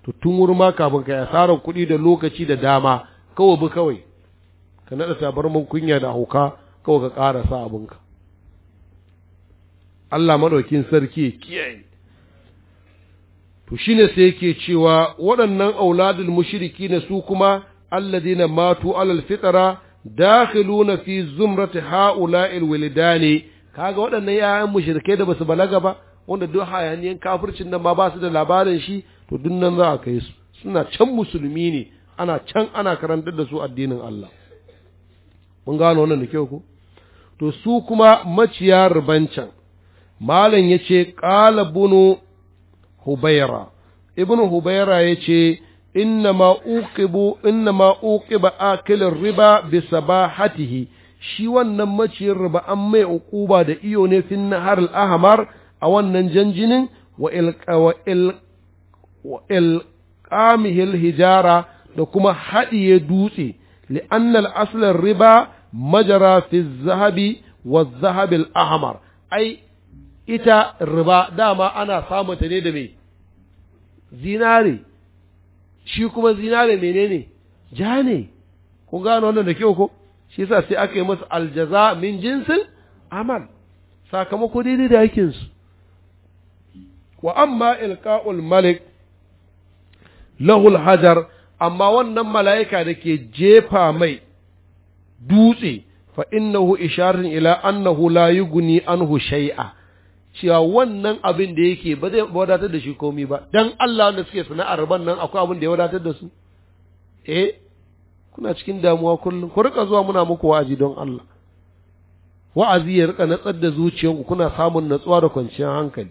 to tun wurin ma kafin ka asarar kuɗi da lokaci da dama kawai bi kawai ka naɗa tabarman kunya da hauka kawai ka ƙara sa abinka Allah maɗaukin sarki ya kiyaye to shine sai yake cewa waɗannan auladul mushriki na su kuma alladina matu alal fitara dakhiluna fi zumrati haula'il walidani kaga waɗannan yayan mushrikai da basu balaga ba wanda duk hayaniyan kafircin nan ma ba su da labarin shi to duk za a kai su suna can musulmi ne ana can ana karantar da su addinin Allah mun gano wannan da kyau ko to su kuma maciya rubancan malam yace qala bunu hubaira ibn hubaira ya ce innama uqibu innama uqiba akilin riba bi sabahatihi shi wannan maciyin riba an mai uquba da iyo ne fin ahmar a wannan janjinin wa ilqamihil hijara da kuma haɗiye dutse li'annal aslan riba majara fi zahabi wa zahabil ahmar ai ita riba dama ana samun ta ne da mai zinare shi kuma zinare menene ja ne kun gano wannan da kyau ko shi yasa sai aka yi masa aljaza min jinsin amal sakamako daidai da yakin wa amma ilqa'ul malik lahul hajar amma wannan mala'ika da ke jefa mai dutse fa innahu isharin ila annahu la yughni anhu shai'a. cewa wannan abin da yake ba zai wadatar da shi komi ba dan Allah wanda suke sana'ar ban nan akwai abin da ya wadatar da su eh kuna cikin damuwa kullum ku rika zuwa muna muku wa'azi don Allah wa'azi ya rika natsar da zuciyarku kuna samun natsuwa da kwanciyar hankali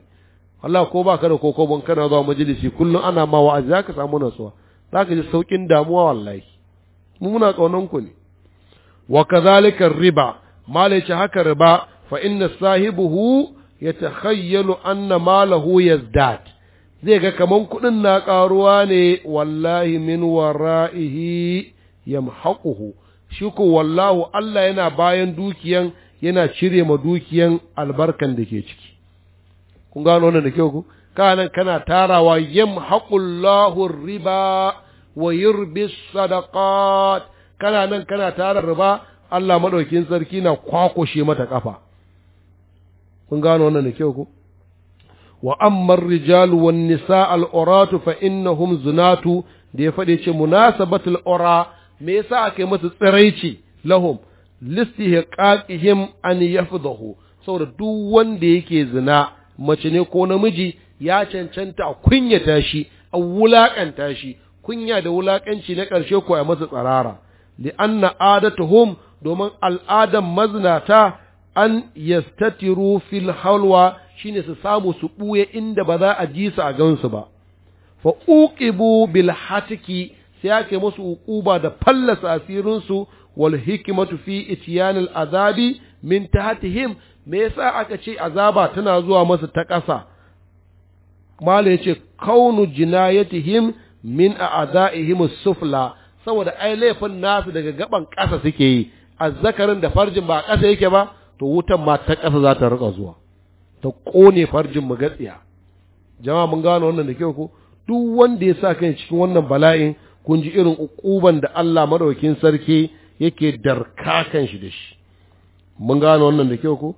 Allah ko baka da koko ban kana zuwa majalisi kullum ana ma wa'azi zaka samu natsuwa zaka ji saukin damuwa wallahi mu muna kaunan ku ne wa kadhalika riba malai haka riba fa inna sahibuhu ya takhayyalu anna malahu yazdad zai ga kaman kuɗin na karuwa ne wallahi min wara'ihi yamhaquhu shi ko wallahu Allah yana bayan dukiyan yana cire ma dukiyan albarkan da ke ciki kun gano wannan da ke ku kana kana tarawa yamhaqullahu riba wa yurbi sadaqat kana nan kana tara riba Allah madaukin sarki na kwakwashe mata kafa kun gano wannan da kyau ko wa amma rijal wan nisa al uratu fa innahum zunatu da ya faɗi ce munasabatul ura me yasa aka yi masa tsiraici lahum qaqihim an yafdahu saboda duk wanda yake zina mace ne ko namiji ya cancanta a kunyata shi a wulakanta shi kunya da wulakanci na karshe ko a masa tsarara li anna adatuhum domin al'adan mazinata an yastatiru fil halwa shine su samu su ɓuye inda ba za a ji su a gansu ba fa uqibu bil hatiki sai ake musu uquba da fallasa asirin su wal hikmatu fi itiyan al azabi min tahtihim me yasa aka ce azaba tana zuwa masa ta ƙasa mala yace kaunu jinayatihim min a'daihim sufla saboda ai laifin nasu daga gaban ƙasa suke yi azzakarin da farjin ba ƙasa yake ba to wutan ma ta ƙasa za ta rika zuwa ta ƙone farjin mu gatsiya jama'a mun gano wannan da kyau ko duk wanda ya sa kai cikin wannan bala'in kun ji irin ukuban da Allah madaukakin sarki yake darkakan shi da shi mun gano wannan da kyau ko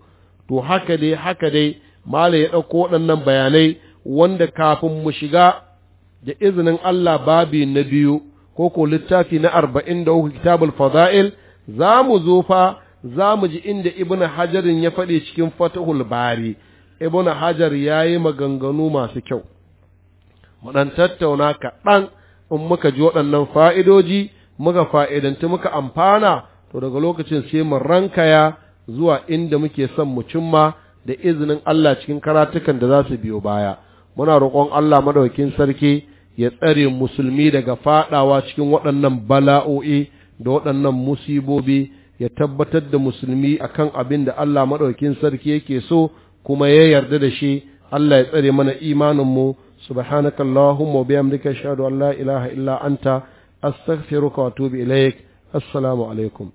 to haka dai haka dai malai ya ɗauko waɗannan bayanai wanda kafin mu shiga da izinin Allah babi na biyu ko ko littafi na arba'in da uku kitabul fada'il za mu zo fa za mu ji inda ibn hajarin ya faɗi cikin fatahul bari ibn hajar ya yi maganganu masu kyau mu ɗan tattauna kaɗan in muka ji waɗannan fa'idoji muka fa'idanci muka amfana to daga lokacin sai mu rankaya zuwa inda muke son mu cimma da izinin Allah cikin karatukan da za su biyo baya muna roƙon Allah madaukakin sarki ya tsare musulmi daga faɗawa cikin waɗannan bala'o'i da waɗannan musibobi ya tabbatar da musulmi akan abin da Allah maɗaukin sarki yake so kuma ya yarda da shi Allah ya tsare mana imaninmu subhanaka allahumma wa bihamdika ashhadu an la ilaha illa anta astaghfiruka wa atubu ilaik assalamu alaikum